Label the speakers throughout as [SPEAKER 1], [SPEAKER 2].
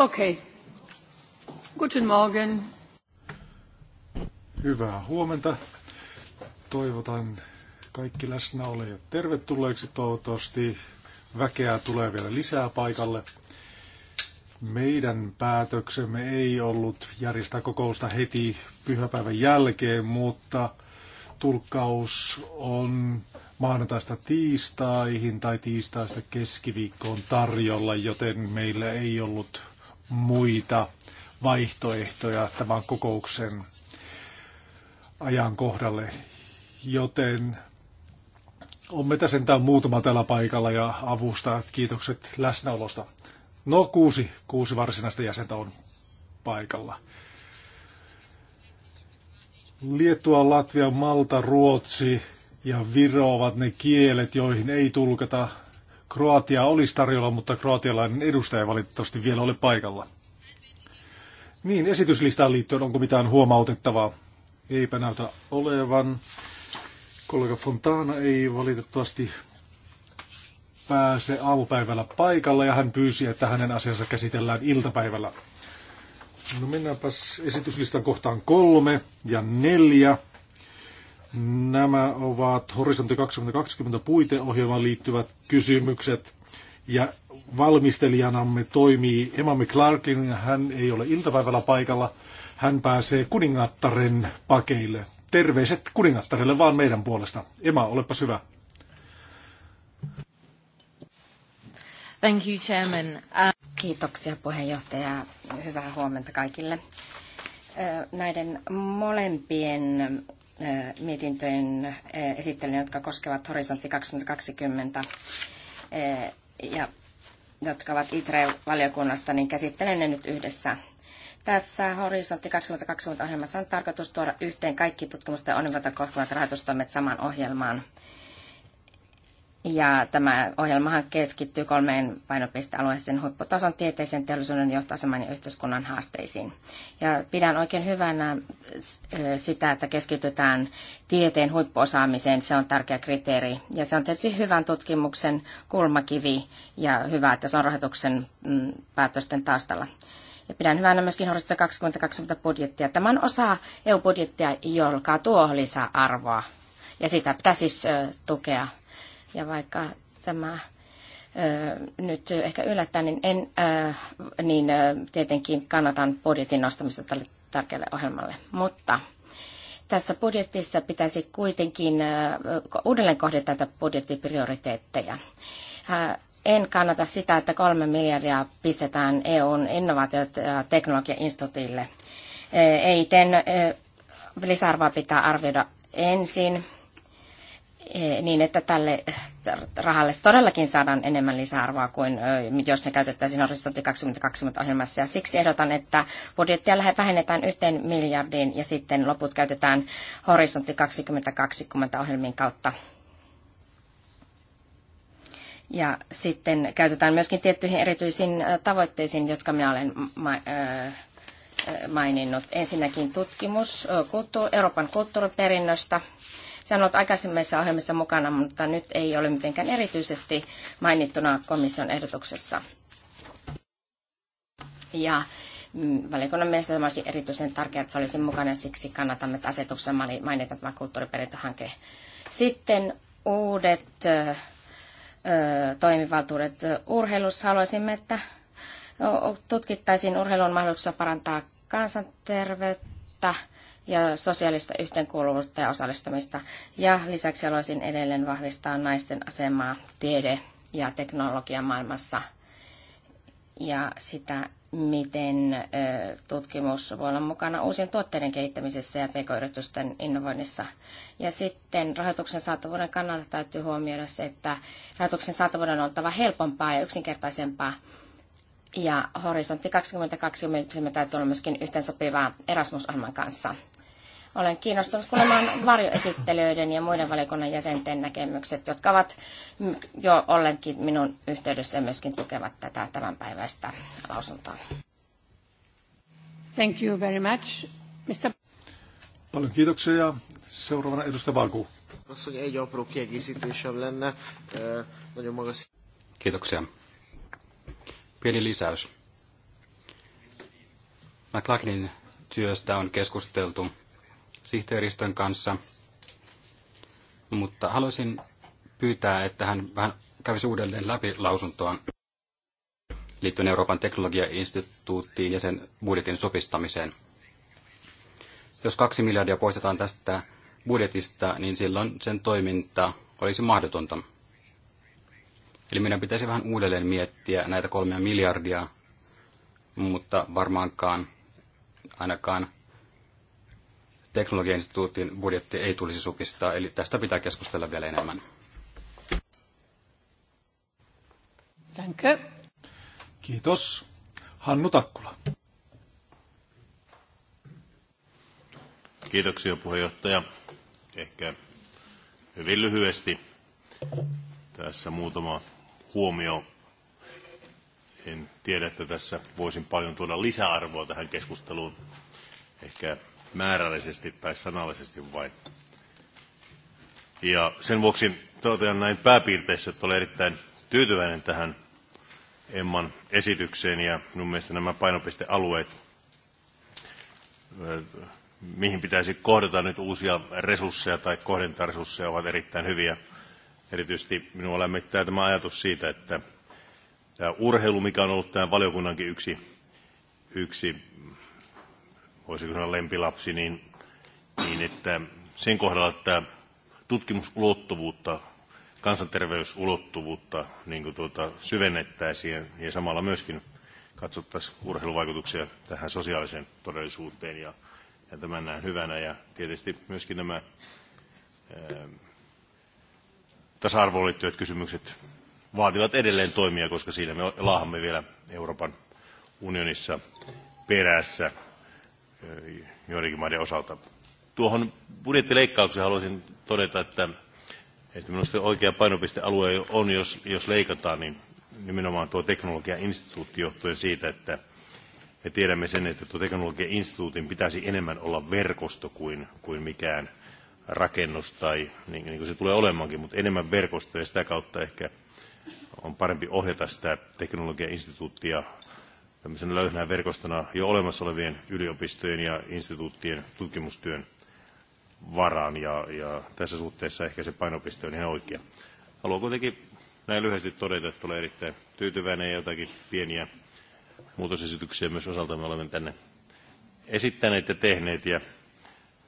[SPEAKER 1] Okei. Guten Morgen.
[SPEAKER 2] Hyvää huomenta. Toivotan kaikki läsnäolijat tervetulleeksi. Toivottavasti väkeä tulee vielä lisää paikalle. Meidän päätöksemme ei ollut järjestää kokousta heti pyhäpäivän jälkeen, mutta tulkkaus on maanantaista tiistaihin tai tiistaista keskiviikkoon tarjolla, joten meillä ei ollut muita vaihtoehtoja tämän kokouksen ajankohdalle. Joten on meitä sentään muutama tällä paikalla ja avustaa. Kiitokset läsnäolosta. No kuusi, kuusi varsinaista jäsentä on paikalla. Liettua, Latvia, Malta, Ruotsi ja Viro ovat ne kielet, joihin ei tulkata Kroatia olisi tarjolla, mutta kroatialainen edustaja ei valitettavasti vielä ole paikalla. Niin, esityslistaan liittyen onko mitään huomautettavaa? Eipä näytä olevan. Kollega Fontana ei valitettavasti pääse aamupäivällä paikalla ja hän pyysi, että hänen asiansa käsitellään iltapäivällä. No mennäänpäs esityslistan kohtaan kolme ja neljä. Nämä ovat Horisontti 2020 puiteohjelmaan liittyvät kysymykset. Ja valmistelijanamme toimii Emami Clarkin. Hän ei ole iltapäivällä paikalla. Hän pääsee kuningattaren pakeille. Terveiset kuningattarelle vaan meidän puolesta. Emma, olepa hyvä.
[SPEAKER 3] Thank you, Chairman. Uh, Kiitoksia puheenjohtaja. Hyvää huomenta kaikille. Näiden molempien mietintöjen esittelijä, jotka koskevat Horisontti 2020 ja jotka ovat ITRE-valiokunnasta, niin käsittelen ne nyt yhdessä. Tässä Horisontti 2020 ohjelmassa on tarkoitus tuoda yhteen kaikki tutkimusta ja onnelta koskevat rahoitustoimet saman ohjelmaan. Ja tämä ohjelmahan keskittyy kolmeen painopistealueeseen huipputason tieteisen teollisuuden johtoaseman ja yhteiskunnan haasteisiin. Ja pidän oikein hyvänä sitä, että keskitytään tieteen huippuosaamiseen. Se on tärkeä kriteeri. Ja se on tietysti hyvän tutkimuksen kulmakivi ja hyvä, että se on rahoituksen mm, päätösten taustalla. Ja pidän hyvänä myöskin Horisontti 2020 budjettia. Tämä on osa EU-budjettia, joka tuo lisäarvoa. Ja sitä pitää siis tukea ja vaikka tämä nyt ehkä yllättää, niin, en, niin tietenkin kannatan budjetin nostamista tälle tärkeälle ohjelmalle. Mutta tässä budjetissa pitäisi kuitenkin uudelleen kohdata tätä budjettiprioriteetteja. En kannata sitä, että kolme miljardia pistetään EUn innovaatiot ja teknologiainstituutille. EITn lisäarvoa pitää arvioida ensin Eh, niin, että tälle eh, rahalle todellakin saadaan enemmän lisäarvoa kuin eh, jos ne käytettäisiin Horisontti 2020 ohjelmassa. Ja siksi ehdotan, että budjettia vähennetään yhteen miljardiin ja sitten loput käytetään Horisontti 2020 ohjelmin kautta. Ja sitten käytetään myöskin tiettyihin erityisiin tavoitteisiin, jotka minä olen maininnut. Ensinnäkin tutkimus Euroopan kulttuuriperinnöstä se olet aikaisemmissa ohjelmissa mukana, mutta nyt ei ole mitenkään erityisesti mainittuna komission ehdotuksessa. Ja mm, valiokunnan mielestä tämä olisi erityisen tärkeää, että se olisi mukana, siksi kannatamme, että asetuksessa mainitaan tämä kulttuuriperintöhanke. Sitten uudet ö, toimivaltuudet urheilussa. Haluaisimme, että tutkittaisiin urheilun mahdollisuuksia parantaa kansanterveyttä ja sosiaalista yhteenkuuluvuutta ja osallistumista. Ja lisäksi haluaisin edelleen vahvistaa naisten asemaa tiede- ja teknologian maailmassa ja sitä, miten tutkimus voi olla mukana uusien tuotteiden kehittämisessä ja pk-yritysten innovoinnissa. Ja sitten rahoituksen saatavuuden kannalta täytyy huomioida se, että rahoituksen saatavuuden on oltava helpompaa ja yksinkertaisempaa. Ja horisontti 2020 täytyy olla myöskin yhteensopivaa Erasmus-ohjelman kanssa. Olen kiinnostunut kuulemaan varjoesittelijöiden ja muiden valiokunnan jäsenten näkemykset, jotka ovat jo ollenkin minun yhteydessä ja myöskin tukevat tätä tämänpäiväistä lausuntoa.
[SPEAKER 1] Thank you very much. Mr.
[SPEAKER 2] Paljon kiitoksia ja seuraavana edustaja Valku. Eh, kiitoksia.
[SPEAKER 4] Pieni lisäys. McLaughlinin työstä on keskusteltu sihteeristön kanssa, mutta haluaisin pyytää, että hän vähän kävisi uudelleen läpi lausuntoaan liittyen Euroopan teknologiainstituuttiin ja sen budjetin sopistamiseen. Jos kaksi miljardia poistetaan tästä budjetista, niin silloin sen toiminta olisi mahdotonta. Eli meidän pitäisi vähän uudelleen miettiä näitä kolmea miljardia, mutta varmaankaan ainakaan teknologiainstituutin budjetti ei tulisi supistaa, eli tästä pitää keskustella vielä enemmän.
[SPEAKER 2] Danke. Kiitos. Hannu Takkula.
[SPEAKER 1] Kiitoksia puheenjohtaja. Ehkä hyvin lyhyesti tässä muutama huomio. En tiedä, että tässä voisin paljon tuoda lisäarvoa tähän keskusteluun. Ehkä määrällisesti tai sanallisesti vain. Ja sen vuoksi totean näin pääpiirteissä, että olen erittäin tyytyväinen tähän Emman esitykseen ja minun mielestä nämä painopistealueet, mihin pitäisi kohdata nyt uusia resursseja tai kohdentaa resursseja, ovat erittäin hyviä. Erityisesti minua lämmittää tämä ajatus siitä, että tämä urheilu, mikä on ollut tämän valiokunnankin yksi, yksi voisiko sanoa lempilapsi, niin, niin että sen kohdalla, että tutkimusulottuvuutta, kansanterveysulottuvuutta niin kuin tuota, syvennettäisiin ja samalla myöskin katsottaisiin urheiluvaikutuksia tähän sosiaaliseen todellisuuteen ja, ja tämän näen hyvänä. Ja tietysti myöskin nämä ähm, tasa-arvoon liittyvät kysymykset vaativat edelleen toimia, koska siinä me laahamme vielä Euroopan unionissa perässä Eh, joidenkin maiden osalta. Tuohon budjettileikkaukseen haluaisin todeta, että, että minusta oikea painopistealue on, jos, jos leikataan, niin nimenomaan tuo teknologian instituutti johtuen siitä, että me tiedämme sen, että tuo teknologian instituutin pitäisi enemmän olla verkosto kuin, kuin mikään rakennus tai niin, niin kuin se tulee olemaankin, mutta enemmän verkosto ja sitä kautta ehkä on parempi ohjata sitä teknologian instituuttia tämmöisenä löyhänä verkostona jo olemassa olevien yliopistojen ja instituuttien tutkimustyön varaan, ja, ja tässä suhteessa ehkä se painopiste on ihan oikea. Haluan kuitenkin näin lyhyesti todeta, että olen erittäin tyytyväinen ja jotakin pieniä muutosesityksiä myös osalta me olemme tänne esittäneet ja tehneet, ja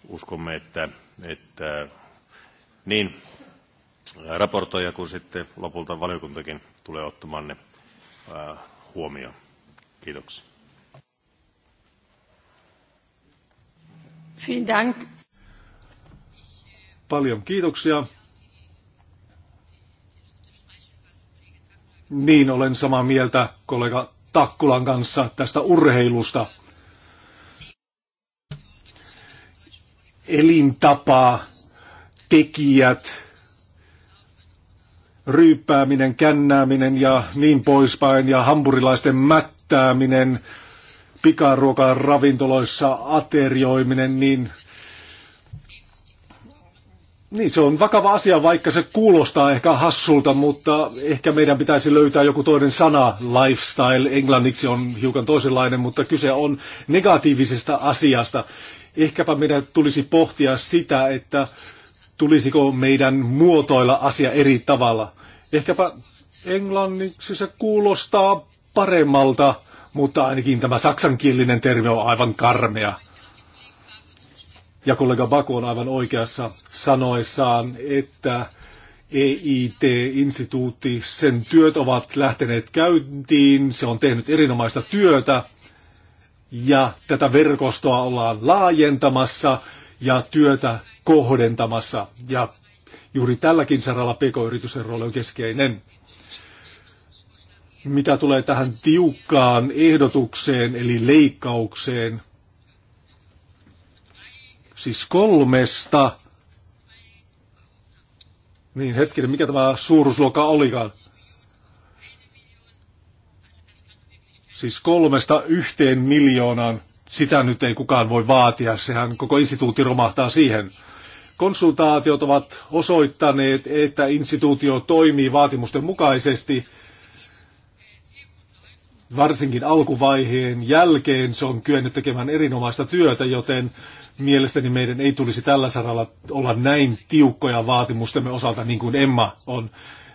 [SPEAKER 1] uskomme, että, että niin raportoija kuin sitten lopulta valiokuntakin tulee ottamaan ne huomioon. Kiitoksia. Dank.
[SPEAKER 2] Paljon kiitoksia. Niin, olen samaa mieltä kollega Takkulan kanssa tästä urheilusta. Elintapa, tekijät, ryyppääminen, kännääminen ja niin poispäin ja hampurilaisten mät käyttäminen, pikaruokaa ravintoloissa, aterioiminen, niin, niin se on vakava asia, vaikka se kuulostaa ehkä hassulta, mutta ehkä meidän pitäisi löytää joku toinen sana. Lifestyle englanniksi on hiukan toisenlainen, mutta kyse on negatiivisesta asiasta. Ehkäpä meidän tulisi pohtia sitä, että tulisiko meidän muotoilla asia eri tavalla. Ehkäpä englanniksi se kuulostaa paremmalta, mutta ainakin tämä saksankielinen termi on aivan karmea. Ja kollega Baku on aivan oikeassa sanoissaan, että EIT-instituutti, sen työt ovat lähteneet käyntiin, se on tehnyt erinomaista työtä ja tätä verkostoa ollaan laajentamassa ja työtä kohdentamassa. Ja juuri tälläkin saralla pk-yritysten rooli on keskeinen mitä tulee tähän tiukkaan ehdotukseen, eli leikkaukseen, siis kolmesta, niin hetkinen, mikä tämä suuruusluokka olikaan? Siis kolmesta yhteen miljoonaan, sitä nyt ei kukaan voi vaatia, sehän koko instituutti romahtaa siihen. Konsultaatiot ovat osoittaneet, että instituutio toimii vaatimusten mukaisesti – varsinkin alkuvaiheen jälkeen se on kyennyt tekemään erinomaista työtä, joten mielestäni meidän ei tulisi tällä saralla olla näin tiukkoja vaatimustemme osalta niin kuin Emma on.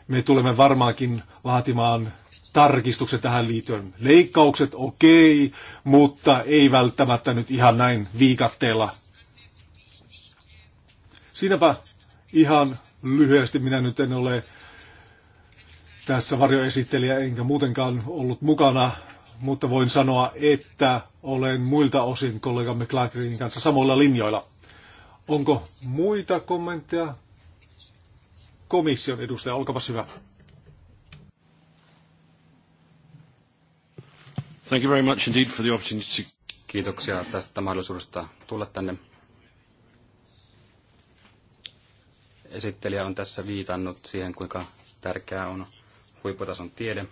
[SPEAKER 2] Me tulemme varmaankin vaatimaan tarkistukset tähän liittyen. Leikkaukset okei, okay, mutta ei välttämättä nyt ihan näin viikatteella. Siinäpä ihan lyhyesti minä nyt en ole tässä varjoesittelijä enkä muutenkaan ollut mukana, mutta voin sanoa, että olen muilta osin kollegamme Clarkin kanssa samoilla linjoilla. Onko muita kommentteja? Komission edustaja, olkapas hyvä.
[SPEAKER 4] Thank you very much indeed for the opportunity. Kiitoksia tästä mahdollisuudesta tulla tänne. Esittelijä on tässä viitannut siihen, kuinka tärkeää on huipputason tiede.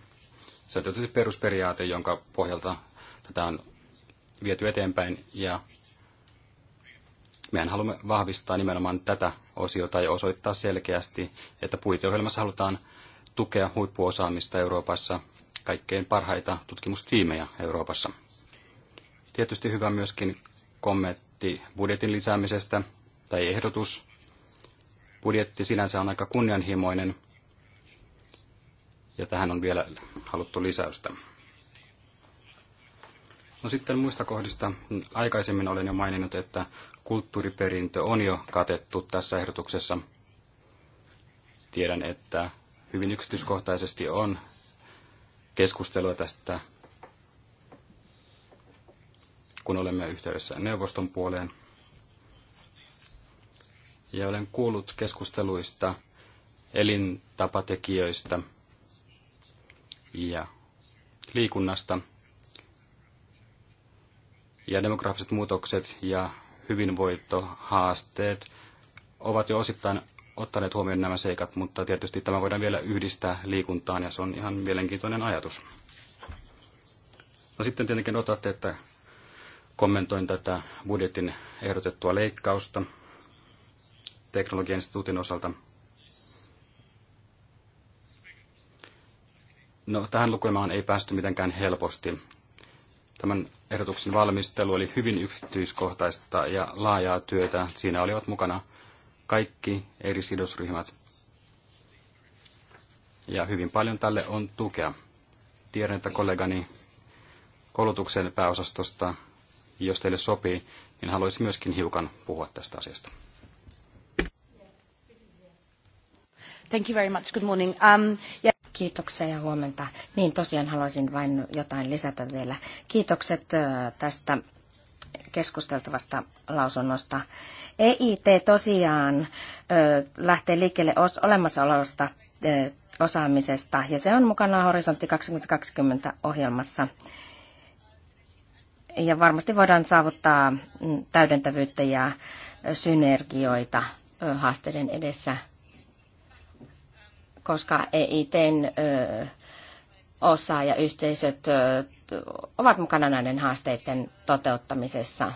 [SPEAKER 4] Se on tietysti perusperiaate, jonka pohjalta tätä on viety eteenpäin ja mehän haluamme vahvistaa nimenomaan tätä osiota ja osoittaa selkeästi, että puiteohjelmassa halutaan tukea huippuosaamista Euroopassa, kaikkein parhaita tutkimustiimejä Euroopassa. Tietysti hyvä myöskin kommentti budjetin lisäämisestä tai ehdotus. Budjetti sinänsä on aika kunnianhimoinen, ja tähän on vielä haluttu lisäystä. No sitten muista kohdista. Aikaisemmin olen jo maininnut, että kulttuuriperintö on jo katettu tässä ehdotuksessa. Tiedän, että hyvin yksityiskohtaisesti on keskustelua tästä, kun olemme yhteydessä neuvoston puoleen. Ja olen kuullut keskusteluista elintapatekijöistä – ja liikunnasta. Ja demografiset muutokset ja hyvinvoittohaasteet ovat jo osittain ottaneet huomioon nämä seikat, mutta tietysti tämä voidaan vielä yhdistää liikuntaan ja se on ihan mielenkiintoinen ajatus. No sitten tietenkin otatte, että kommentoin tätä budjetin ehdotettua leikkausta teknologian instituutin osalta – No, tähän lukemaan ei päästy mitenkään helposti. Tämän ehdotuksen valmistelu oli hyvin yksityiskohtaista ja laajaa työtä. Siinä olivat mukana kaikki eri sidosryhmät. Ja hyvin paljon tälle on tukea. Tiedän, että kollegani koulutuksen pääosastosta, jos teille sopii, niin haluaisin myöskin hiukan puhua tästä asiasta.
[SPEAKER 3] Thank you very much. Good morning. Um, yeah. Kiitoksia ja huomenta. Niin tosiaan haluaisin vain jotain lisätä vielä. Kiitokset tästä keskusteltavasta lausunnosta. EIT tosiaan lähtee liikkeelle olemassa olevasta osaamisesta ja se on mukana Horisontti 2020 ohjelmassa. Ja varmasti voidaan saavuttaa mm, täydentävyyttä ja synergioita haasteiden edessä koska EITn osa ja yhteisöt ovat mukana näiden haasteiden toteuttamisessa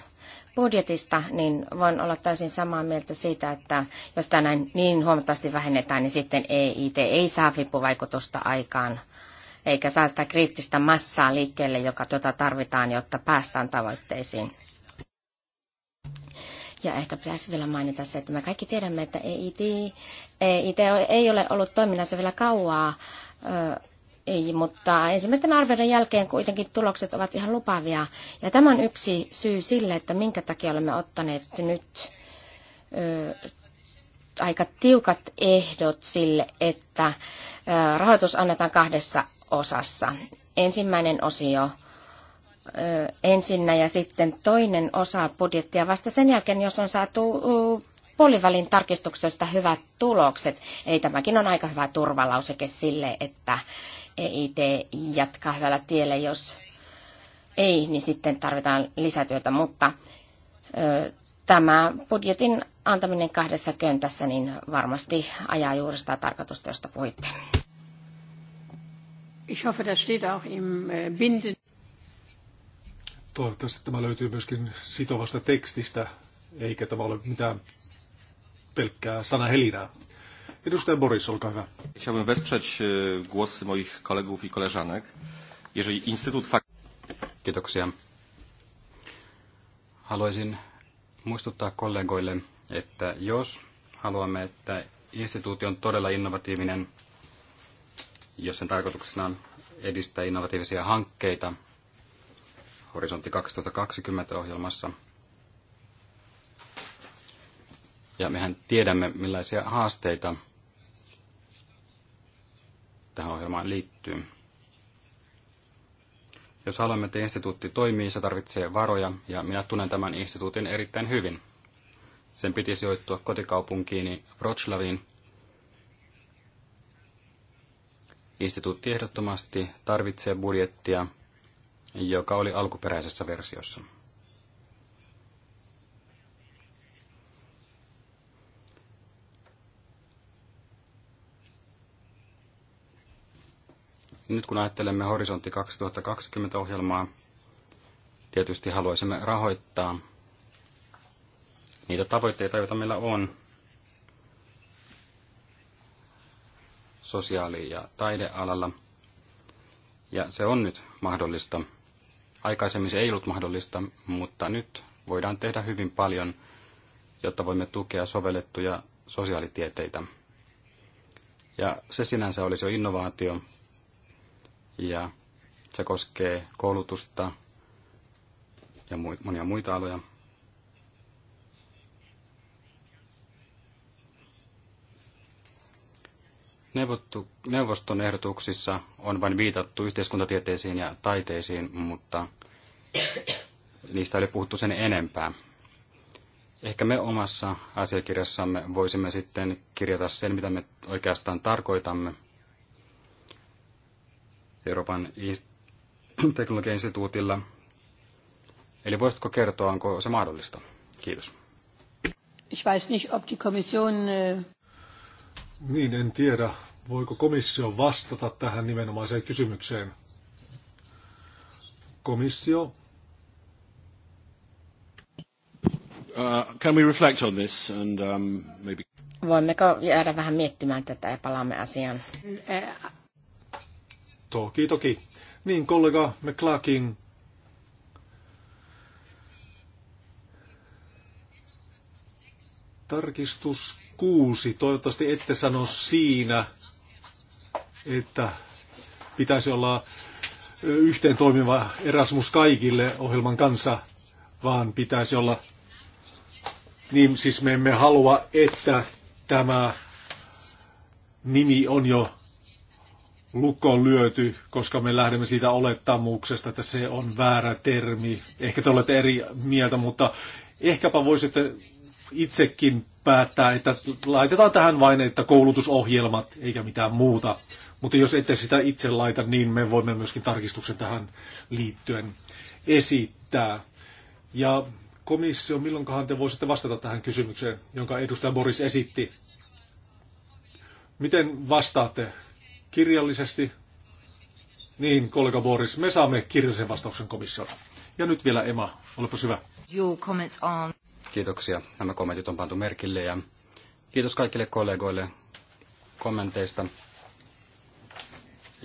[SPEAKER 3] budjetista, niin voin olla täysin samaa mieltä siitä, että jos tänään niin huomattavasti vähennetään, niin sitten EIT ei saa vipuvaikutusta aikaan, eikä saa sitä kriittistä massaa liikkeelle, joka tuota tarvitaan, jotta päästään tavoitteisiin. Ja ehkä pitäisi vielä mainita se, että me kaikki tiedämme, että EIT, EIT ei ole ollut toiminnassa vielä kauaa, ei, mutta ensimmäisten arvioiden jälkeen kuitenkin tulokset ovat ihan lupavia. Ja tämä on yksi syy sille, että minkä takia olemme ottaneet nyt ö, aika tiukat ehdot sille, että ö, rahoitus annetaan kahdessa osassa. Ensimmäinen osio ensinnä ja sitten toinen osa budjettia vasta sen jälkeen, jos on saatu puolivälin tarkistuksesta hyvät tulokset. Eli tämäkin on aika hyvä turvalauseke sille, että EIT jatkaa hyvällä tiellä. Jos ei, niin sitten tarvitaan lisätyötä, mutta ö, tämä budjetin antaminen kahdessa köntässä niin varmasti ajaa juuri sitä tarkoitusta, josta puhuitte. Ich hoffe, das steht auch im äh, Binden.
[SPEAKER 2] Toivottavasti tämä löytyy myöskin sitovasta tekstistä, eikä tämä ole mitään pelkkää sanahelinää. Edustaja Boris, olkaa hyvä.
[SPEAKER 4] Chciałbym wesprzeć e, głosy moich kolegów i koleżanek. Jeżeli Instytut Fak... Kiitoksia. Haluaisin muistuttaa kollegoille, että jos haluamme, että instituutti on todella innovatiivinen, jos sen tarkoituksena on edistää innovatiivisia hankkeita Horisontti 2020 ohjelmassa. Ja mehän tiedämme, millaisia haasteita tähän ohjelmaan liittyy. Jos haluamme, että instituutti toimii, se tarvitsee varoja, ja minä tunnen tämän instituutin erittäin hyvin. Sen piti sijoittua kotikaupunkiini Wroclawiin. Instituutti ehdottomasti tarvitsee budjettia, joka oli alkuperäisessä versiossa. Nyt kun ajattelemme Horisontti 2020-ohjelmaa, tietysti haluaisimme rahoittaa niitä tavoitteita, joita meillä on sosiaali- ja taidealalla. Ja se on nyt mahdollista. Aikaisemmin se ei ollut mahdollista, mutta nyt voidaan tehdä hyvin paljon, jotta voimme tukea sovellettuja sosiaalitieteitä. Ja se sinänsä olisi jo innovaatio, ja se koskee koulutusta ja monia muita aloja. neuvoston ehdotuksissa on vain viitattu yhteiskuntatieteisiin ja taiteisiin, mutta niistä ei ole puhuttu sen enempää. Ehkä me omassa asiakirjassamme voisimme sitten kirjata sen, mitä me oikeastaan tarkoitamme Euroopan teknologian instituutilla. Eli voisitko kertoa,
[SPEAKER 2] onko se mahdollista? Kiitos.
[SPEAKER 1] Ich weiß nicht, ob die Kommission... Äh,
[SPEAKER 2] niin, en tiedä, voiko komissio vastata tähän nimenomaiseen kysymykseen. Komissio. Uh, can we reflect on this and um, maybe...
[SPEAKER 3] Voimmeko jäädä vähän miettimään tätä ja palaamme asiaan? Eh, eh,
[SPEAKER 2] toki, toki. Niin, kollega McClarkin Tarkistus kuusi. Toivottavasti ette sano siinä, että pitäisi olla yhteen toimiva Erasmus kaikille ohjelman kanssa, vaan pitäisi olla, niin siis me emme halua, että tämä nimi on jo lukkoon lyöty, koska me lähdemme siitä olettamuksesta, että se on väärä termi. Ehkä te olette eri mieltä, mutta ehkäpä voisitte itsekin päättää, että laitetaan tähän vain, että koulutusohjelmat eikä mitään muuta. Mutta jos ette sitä itse laita, niin me voimme myöskin tarkistuksen tähän liittyen esittää. Ja komissio, milloinkahan te voisitte vastata tähän kysymykseen, jonka edustaja Boris esitti? Miten vastaatte? Kirjallisesti? Niin, kollega Boris, me saamme kirjallisen vastauksen komissiolta. Ja nyt vielä Emma, olepa hyvä. Your comments on.
[SPEAKER 4] Kiitoksia. Nämä kommentit on pantu merkille ja kiitos kaikille kollegoille kommenteista.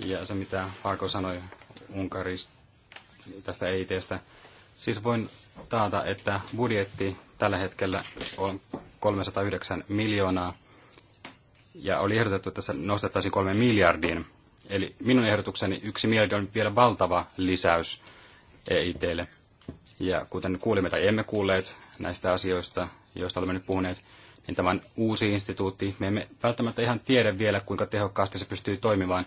[SPEAKER 4] Ja se, mitä Haako sanoi Unkarista, tästä EITstä. Siis voin taata, että budjetti tällä hetkellä on 309 miljoonaa ja oli ehdotettu, että se nostettaisiin kolme miljardiin. Eli minun ehdotukseni yksi miljardi on vielä valtava lisäys EITlle. Ja kuten kuulimme tai emme kuulleet, näistä asioista, joista olemme nyt puhuneet, niin tämän uusi instituutti, me emme välttämättä ihan tiedä vielä, kuinka tehokkaasti se pystyy toimimaan.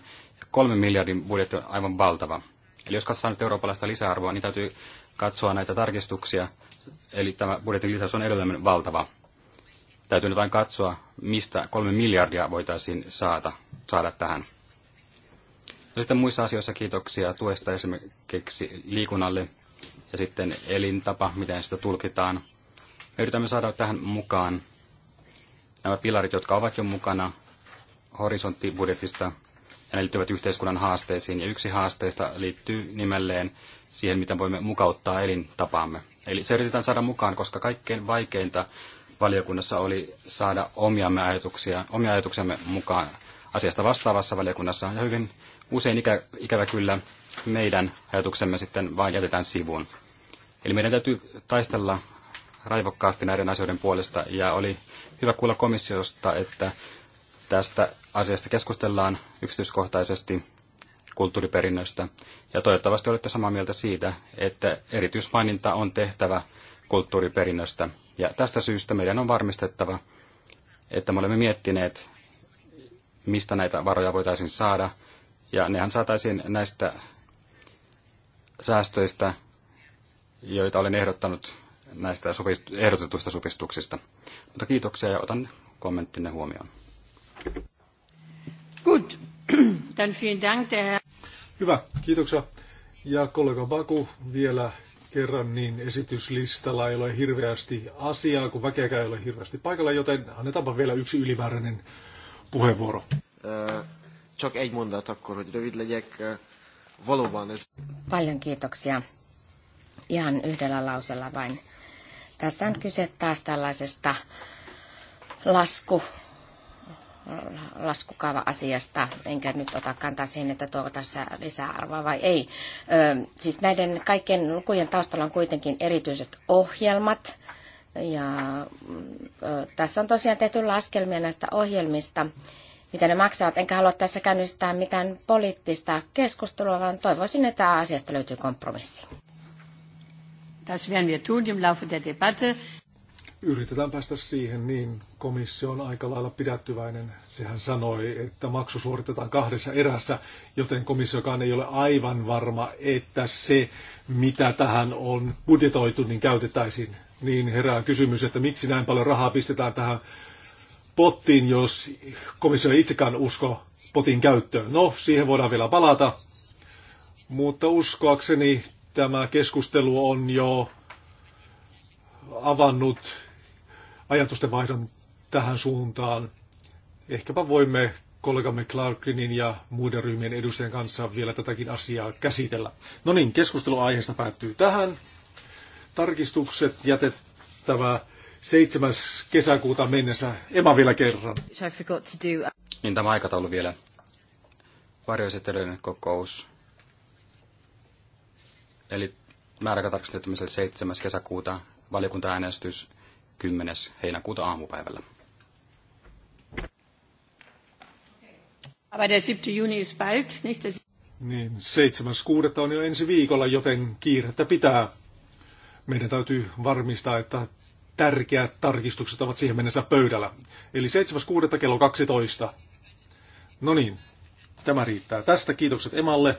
[SPEAKER 4] Kolme miljardin budjetti on aivan valtava. Eli jos katsotaan nyt eurooppalaista lisäarvoa, niin täytyy katsoa näitä tarkistuksia. Eli tämä budjetin lisäys on edelleen valtava. Täytyy nyt vain katsoa, mistä kolme miljardia voitaisiin saada, saada tähän. No sitten muissa asioissa kiitoksia tuesta esimerkiksi liikunnalle ja sitten elintapa, miten sitä tulkitaan – me yritämme saada tähän mukaan nämä pilarit, jotka ovat jo mukana horisonttibudjetista, ja ne liittyvät yhteiskunnan haasteisiin, ja yksi haasteista liittyy nimelleen siihen, miten voimme mukauttaa elintapaamme. Eli se yritetään saada mukaan, koska kaikkein vaikeinta valiokunnassa oli saada omiamme ajatuksia, omia ajatuksiamme mukaan asiasta vastaavassa valiokunnassa, ja hyvin usein ikä, ikävä kyllä meidän ajatuksemme sitten vain jätetään sivuun. Eli meidän täytyy taistella raivokkaasti näiden asioiden puolesta ja oli hyvä kuulla komissiosta, että tästä asiasta keskustellaan yksityiskohtaisesti kulttuuriperinnöstä. Ja toivottavasti olette samaa mieltä siitä, että erityismaininta on tehtävä kulttuuriperinnöstä. Ja tästä syystä meidän on varmistettava, että me olemme miettineet, mistä näitä varoja voitaisiin saada. Ja nehän saataisiin näistä säästöistä, joita olen ehdottanut näistä sopist- ehdotetuista supistuksista. Mutta kiitoksia ja otan kommenttinne huomioon.
[SPEAKER 1] Gut. Dann vielen Dank, der Herr.
[SPEAKER 2] Hyvä, kiitoksia. Ja kollega Baku vielä kerran, niin esityslistalla ei ole hirveästi asiaa, kun väkeäkään ei ole hirveästi paikalla, joten annetaanpa vielä yksi ylimääräinen puheenvuoro. Äh, csak egy mondat akkor, hogy rövid legyek.
[SPEAKER 3] Valóban ez... Paljon kiitoksia. Ihan yhdellä lausella vain. Tässä on kyse taas tällaisesta lasku, laskukaava-asiasta, enkä nyt ota kantaa siihen, että tuoko tässä lisäarvoa vai ei. Ö, siis näiden kaikkien lukujen taustalla on kuitenkin erityiset ohjelmat, ja ö, tässä on tosiaan tehty laskelmia näistä ohjelmista, mitä ne maksavat. Enkä halua tässä käynnistää mitään poliittista keskustelua, vaan toivoisin, että asiasta löytyy kompromissi. Das werden wir tun im Laufe der Debatte.
[SPEAKER 2] Yritetään päästä siihen, niin komissio on aika lailla pidättyväinen. Sehän sanoi, että maksu suoritetaan kahdessa erässä, joten komissiokaan ei ole aivan varma, että se, mitä tähän on budjetoitu, niin käytettäisiin. Niin herää kysymys, että miksi näin paljon rahaa pistetään tähän pottiin, jos komissio ei itsekään usko potin käyttöön. No, siihen voidaan vielä palata, mutta uskoakseni tämä keskustelu on jo avannut ajatusten vaihdon tähän suuntaan. Ehkäpä voimme kollegamme Clarkinin ja muiden ryhmien edustajien kanssa vielä tätäkin asiaa käsitellä. No niin, keskustelu aiheesta päättyy tähän. Tarkistukset jätettävä 7. kesäkuuta mennessä. Emma vielä kerran.
[SPEAKER 4] Niin tämä aikataulu vielä. Varjoesittelyiden kokous Eli määräaikatarkistettamiselle 7. kesäkuuta, valiokuntaäänestys 10. heinäkuuta aamupäivällä.
[SPEAKER 1] Aber der 7. Juni ist bald, nicht?
[SPEAKER 2] Niin, 7.6. on jo ensi viikolla, joten kiirettä pitää. Meidän täytyy varmistaa, että tärkeät tarkistukset ovat siihen mennessä pöydällä. Eli 7.6. kello 12. No niin, tämä riittää. Tästä kiitokset Emalle.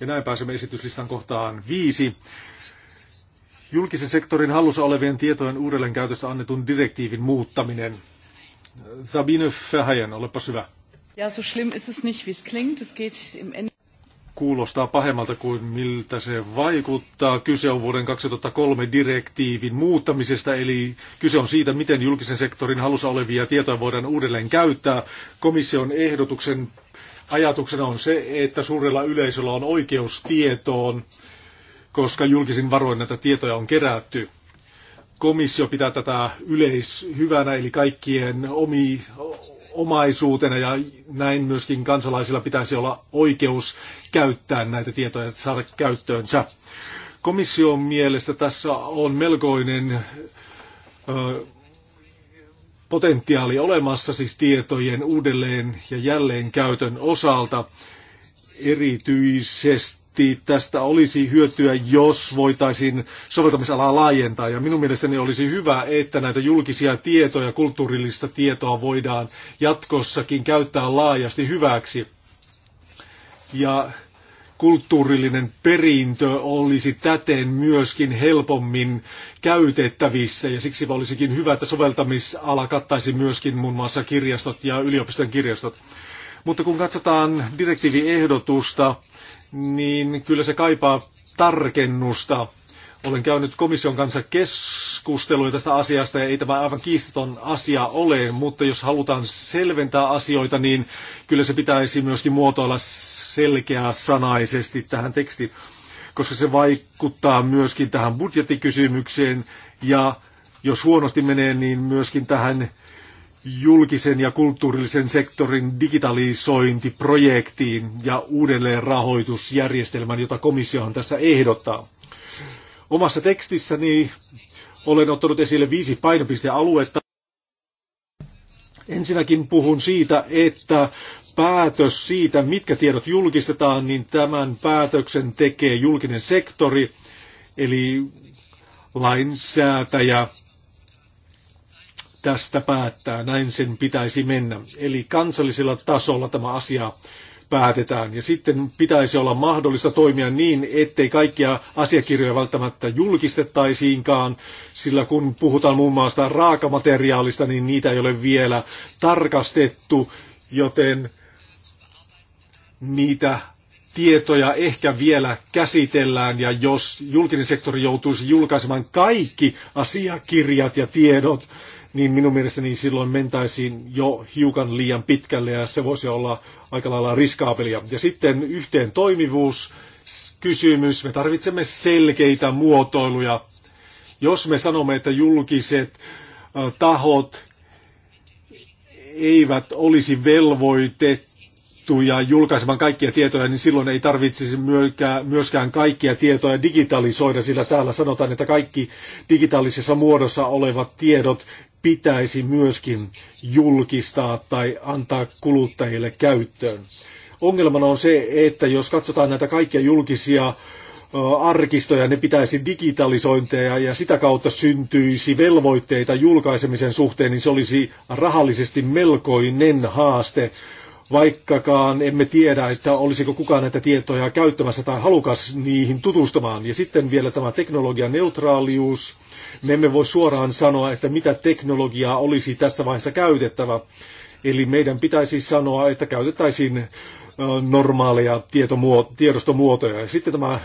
[SPEAKER 2] Ja näin pääsemme esityslistan kohtaan viisi. Julkisen sektorin hallussa olevien tietojen uudelleenkäytöstä annetun direktiivin muuttaminen. Sabine Verheyen, olepa hyvä.
[SPEAKER 4] Ja, so schlimm ist es nicht, wie es klingt. Es geht im Ende
[SPEAKER 2] kuulostaa pahemmalta kuin miltä se vaikuttaa. Kyse on vuoden 2003 direktiivin muuttamisesta, eli kyse on siitä, miten julkisen sektorin halussa olevia tietoja voidaan uudelleen käyttää. Komission ehdotuksen Ajatuksena on se, että suurella yleisöllä on oikeus tietoon, koska julkisin varoin näitä tietoja on kerätty. Komissio pitää tätä yleishyvänä, eli kaikkien omi, omaisuutena ja näin myöskin kansalaisilla pitäisi olla oikeus käyttää näitä tietoja, että saada käyttöönsä. Komission mielestä tässä on melkoinen potentiaali olemassa siis tietojen uudelleen ja jälleen käytön osalta. Erityisesti tästä olisi hyötyä, jos voitaisiin soveltamisalaa laajentaa. Ja minun mielestäni olisi hyvä, että näitä julkisia tietoja, kulttuurillista tietoa voidaan jatkossakin käyttää laajasti hyväksi. Ja kulttuurillinen perintö olisi täten myöskin helpommin käytettävissä ja siksi olisikin hyvä, että soveltamisala kattaisi myöskin muun muassa kirjastot ja yliopiston kirjastot. Mutta kun katsotaan direktiiviehdotusta, niin kyllä se kaipaa tarkennusta. Olen käynyt komission kanssa keskustelua tästä asiasta ja ei tämä aivan kiistaton asia ole, mutta jos halutaan selventää asioita, niin kyllä se pitäisi myöskin muotoilla selkeää sanaisesti tähän tekstiin, koska se vaikuttaa myöskin tähän budjettikysymykseen ja jos huonosti menee, niin myöskin tähän julkisen ja kulttuurillisen sektorin digitalisointiprojektiin ja uudelleenrahoitusjärjestelmän, jota komissio on tässä ehdottaa. Omassa tekstissäni olen ottanut esille viisi painopistealuetta. Ensinnäkin puhun siitä, että päätös siitä, mitkä tiedot julkistetaan, niin tämän päätöksen tekee julkinen sektori, eli lainsäätäjä tästä päättää. Näin sen pitäisi mennä. Eli kansallisella tasolla tämä asia päätetään. Ja sitten pitäisi olla mahdollista toimia niin, ettei kaikkia asiakirjoja välttämättä julkistettaisiinkaan, sillä kun puhutaan muun muassa raakamateriaalista, niin niitä ei ole vielä tarkastettu, joten niitä tietoja ehkä vielä käsitellään ja jos julkinen sektori joutuisi julkaisemaan kaikki asiakirjat ja tiedot, niin minun mielestäni silloin mentäisiin jo hiukan liian pitkälle ja se voisi olla aika lailla riskaapelia. Ja sitten yhteen toimivuus, kysymys. Me tarvitsemme selkeitä muotoiluja. Jos me sanomme, että julkiset äh, tahot eivät olisi velvoitettuja julkaisemaan kaikkia tietoja, niin silloin ei tarvitsisi myöskään kaikkia tietoja digitalisoida, sillä täällä sanotaan, että kaikki digitaalisessa muodossa olevat tiedot pitäisi myöskin julkistaa tai antaa kuluttajille käyttöön. Ongelmana on se, että jos katsotaan näitä kaikkia julkisia arkistoja, ne pitäisi digitalisointeja ja sitä kautta syntyisi velvoitteita julkaisemisen suhteen, niin se olisi rahallisesti melkoinen haaste, vaikkakaan emme tiedä, että olisiko kukaan näitä tietoja käyttämässä tai halukas niihin tutustumaan. Ja sitten vielä tämä teknologian neutraalius me emme voi suoraan sanoa, että mitä teknologiaa olisi tässä vaiheessa käytettävä. Eli meidän pitäisi sanoa, että käytettäisiin normaaleja tiedostomuotoja. Sitten tämä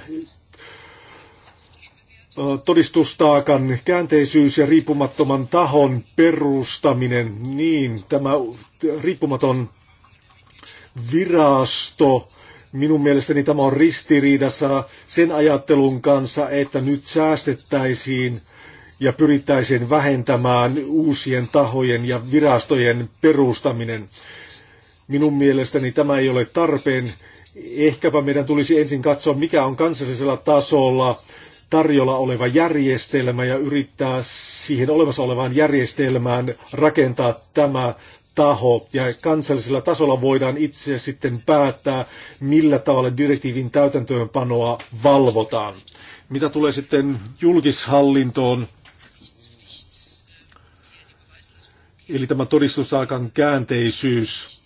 [SPEAKER 2] todistustaakan käänteisyys ja riippumattoman tahon perustaminen, niin tämä riippumaton virasto, minun mielestäni tämä on ristiriidassa sen ajattelun kanssa, että nyt säästettäisiin ja pyrittäisiin vähentämään uusien tahojen ja virastojen perustaminen. Minun mielestäni tämä ei ole tarpeen. Ehkäpä meidän tulisi ensin katsoa, mikä on kansallisella tasolla tarjolla oleva järjestelmä ja yrittää siihen olemassa olevaan järjestelmään rakentaa tämä taho. Ja kansallisella tasolla voidaan itse sitten päättää, millä tavalla direktiivin täytäntöönpanoa valvotaan. Mitä tulee sitten julkishallintoon, Eli tämä todistustaakan käänteisyys,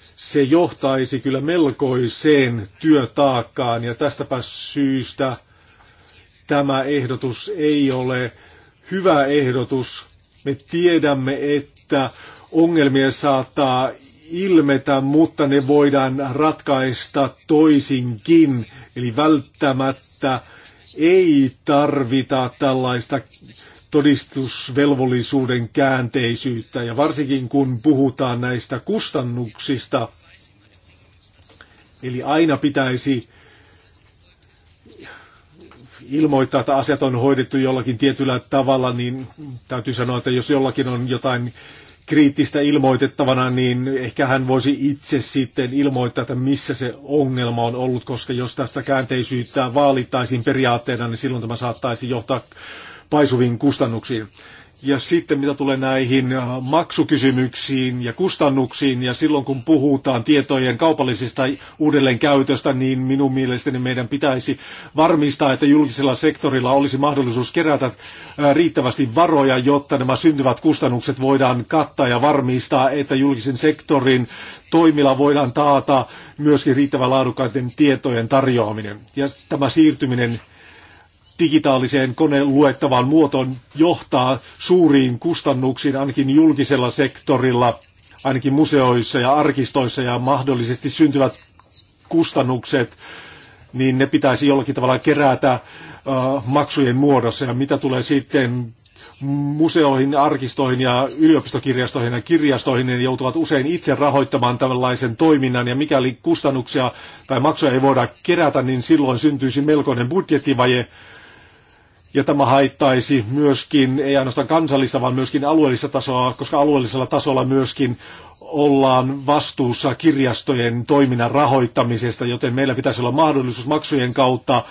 [SPEAKER 2] se johtaisi kyllä melkoiseen työtaakkaan ja tästäpä syystä tämä ehdotus ei ole hyvä ehdotus. Me tiedämme, että ongelmia saattaa ilmetä, mutta ne voidaan ratkaista toisinkin. Eli välttämättä ei tarvita tällaista todistusvelvollisuuden käänteisyyttä. Ja varsinkin kun puhutaan näistä kustannuksista, eli aina pitäisi ilmoittaa, että asiat on hoidettu jollakin tietyllä tavalla, niin täytyy sanoa, että jos jollakin on jotain kriittistä ilmoitettavana, niin ehkä hän voisi itse sitten ilmoittaa, että missä se ongelma on ollut, koska jos tässä käänteisyyttä vaalittaisiin periaatteena, niin silloin tämä saattaisi johtaa paisuviin kustannuksiin. Ja sitten mitä tulee näihin äh, maksukysymyksiin ja kustannuksiin, ja silloin kun puhutaan tietojen kaupallisista uudelleenkäytöstä, niin minun mielestäni meidän pitäisi varmistaa, että julkisella sektorilla olisi mahdollisuus kerätä äh, riittävästi varoja, jotta nämä syntyvät kustannukset voidaan kattaa ja varmistaa, että julkisen sektorin toimilla voidaan taata myöskin riittävän laadukkaiden tietojen tarjoaminen. Ja tämä siirtyminen digitaaliseen koneen luettavaan muotoon johtaa suuriin kustannuksiin ainakin julkisella sektorilla, ainakin museoissa ja arkistoissa ja mahdollisesti syntyvät kustannukset, niin ne pitäisi jollakin tavalla kerätä äh, maksujen muodossa. Ja mitä tulee sitten museoihin, arkistoihin ja yliopistokirjastoihin ja kirjastoihin, niin ne joutuvat usein itse rahoittamaan tällaisen toiminnan, ja mikäli kustannuksia tai maksuja ei voida kerätä, niin silloin syntyisi melkoinen budjettivaje, ja tämä haittaisi myöskin, ei ainoastaan kansallista, vaan myöskin alueellista tasoa, koska alueellisella tasolla myöskin ollaan vastuussa kirjastojen toiminnan rahoittamisesta, joten meillä pitäisi olla mahdollisuus maksujen kautta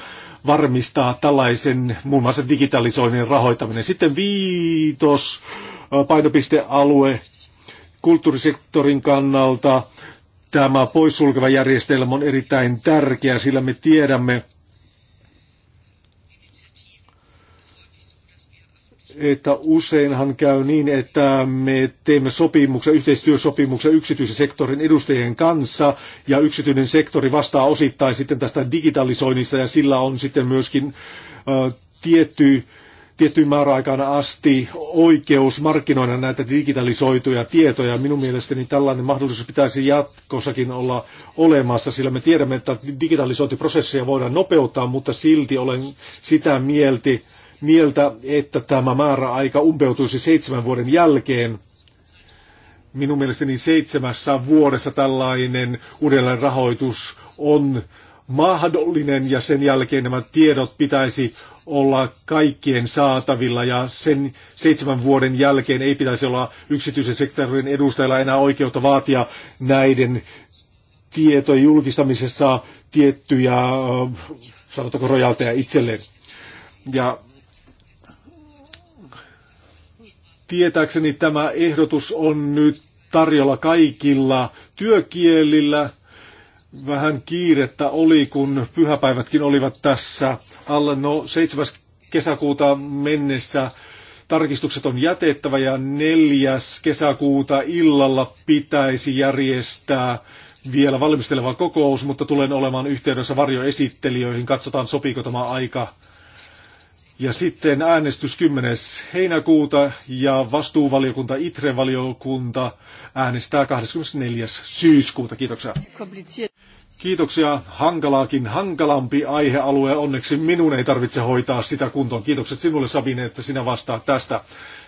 [SPEAKER 2] varmistaa tällaisen muun muassa digitalisoinnin rahoittaminen. Sitten viitos painopistealue kulttuurisektorin kannalta. Tämä poissulkeva järjestelmä on erittäin tärkeä, sillä me tiedämme, että useinhan käy niin, että me teemme sopimuksen, yhteistyösopimuksen yksityisen sektorin edustajien kanssa, ja yksityinen sektori vastaa osittain sitten tästä digitalisoinnista, ja sillä on sitten myöskin ä, tietty tietty määräaikana asti oikeus markkinoida näitä digitalisoituja tietoja. Minun mielestäni tällainen mahdollisuus pitäisi jatkossakin olla olemassa, sillä me tiedämme, että digitalisointiprosesseja voidaan nopeuttaa, mutta silti olen sitä mieltä, mieltä, että tämä määräaika umpeutuisi seitsemän vuoden jälkeen. Minun mielestäni seitsemässä vuodessa tällainen uudelleen rahoitus on mahdollinen ja sen jälkeen nämä tiedot pitäisi olla kaikkien saatavilla ja sen seitsemän vuoden jälkeen ei pitäisi olla yksityisen sektorin edustajilla enää oikeutta vaatia näiden tietojen julkistamisessa tiettyjä, sanotaanko rojalteja itselleen. Ja Tietääkseni tämä ehdotus on nyt tarjolla kaikilla työkielillä. Vähän kiirettä oli, kun pyhäpäivätkin olivat tässä alle No 7. kesäkuuta mennessä tarkistukset on jätettävä ja 4. kesäkuuta illalla pitäisi järjestää vielä valmisteleva kokous, mutta tulen olemaan yhteydessä varjoesittelijöihin. Katsotaan, sopiiko tämä aika ja sitten äänestys 10. heinäkuuta ja vastuuvaliokunta ITRE-valiokunta äänestää 24. syyskuuta. Kiitoksia. Kiitoksia. Hankalaakin hankalampi aihealue. Onneksi minun ei tarvitse hoitaa sitä kuntoon. Kiitokset sinulle Sabine, että sinä vastaat tästä.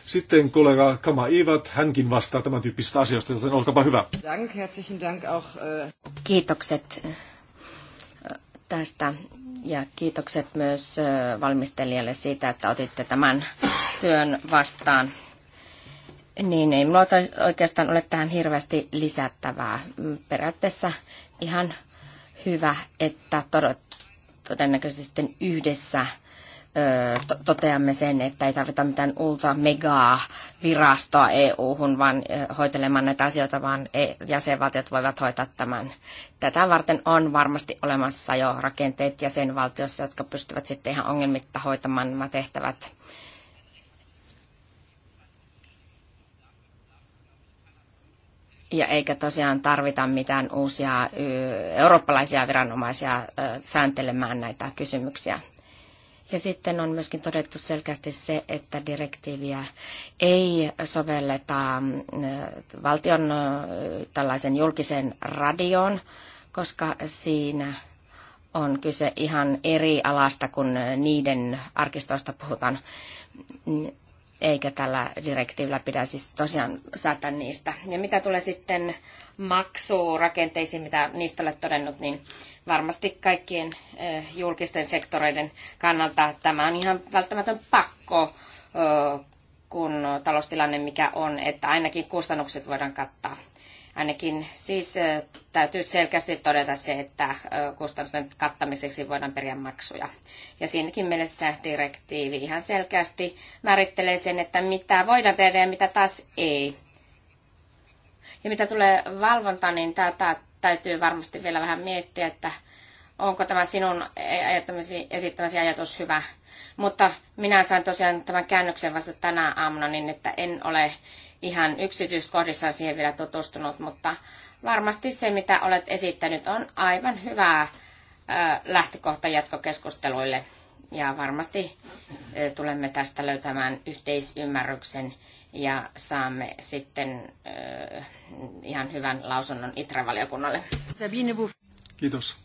[SPEAKER 2] Sitten kollega Kama Ivat, hänkin vastaa tämän tyyppisistä asioista, joten olkapa hyvä.
[SPEAKER 3] Äh. Kiitokset äh, tästä ja kiitokset myös valmistelijalle siitä, että otitte tämän työn vastaan. Niin ei minulla oikeastaan ole tähän hirveästi lisättävää. Periaatteessa ihan hyvä, että todennäköisesti yhdessä toteamme sen, että ei tarvita mitään ultra megaa virastoa EU-hun, vaan hoitelemaan näitä asioita, vaan e- jäsenvaltiot voivat hoitaa tämän. Tätä varten on varmasti olemassa jo rakenteet jäsenvaltiossa, jotka pystyvät sitten ihan ongelmitta hoitamaan nämä tehtävät. Ja eikä tosiaan tarvita mitään uusia eurooppalaisia viranomaisia sääntelemään näitä kysymyksiä. Ja sitten on myöskin todettu selkeästi se, että direktiiviä ei sovelleta mm, valtion mm, tällaisen julkisen radioon, koska siinä on kyse ihan eri alasta, kun niiden arkistoista puhutaan. Mm, eikä tällä direktiivillä pidä siis tosiaan säätää niistä. Ja mitä tulee sitten maksurakenteisiin, mitä niistä olet todennut, niin varmasti kaikkien julkisten sektoreiden kannalta tämä on ihan välttämätön pakko, kun taloustilanne mikä on, että ainakin kustannukset voidaan kattaa. Ainakin siis täytyy selkeästi todeta se, että kustannusten kattamiseksi voidaan periä maksuja. Ja siinäkin mielessä direktiivi ihan selkeästi määrittelee sen, että mitä voidaan tehdä ja mitä taas ei. Ja mitä tulee valvontaan, niin tätä täytyy varmasti vielä vähän miettiä, että onko tämä sinun esittämäsi ajatus hyvä. Mutta minä sain tosiaan tämän käännöksen vasta tänä aamuna, niin että en ole ihan yksityiskohdissa siihen vielä tutustunut, mutta varmasti se, mitä olet esittänyt, on aivan hyvää lähtökohta jatkokeskusteluille. Ja varmasti tulemme tästä löytämään yhteisymmärryksen ja saamme sitten ihan hyvän lausunnon ITRA-valiokunnalle.
[SPEAKER 2] Kiitos.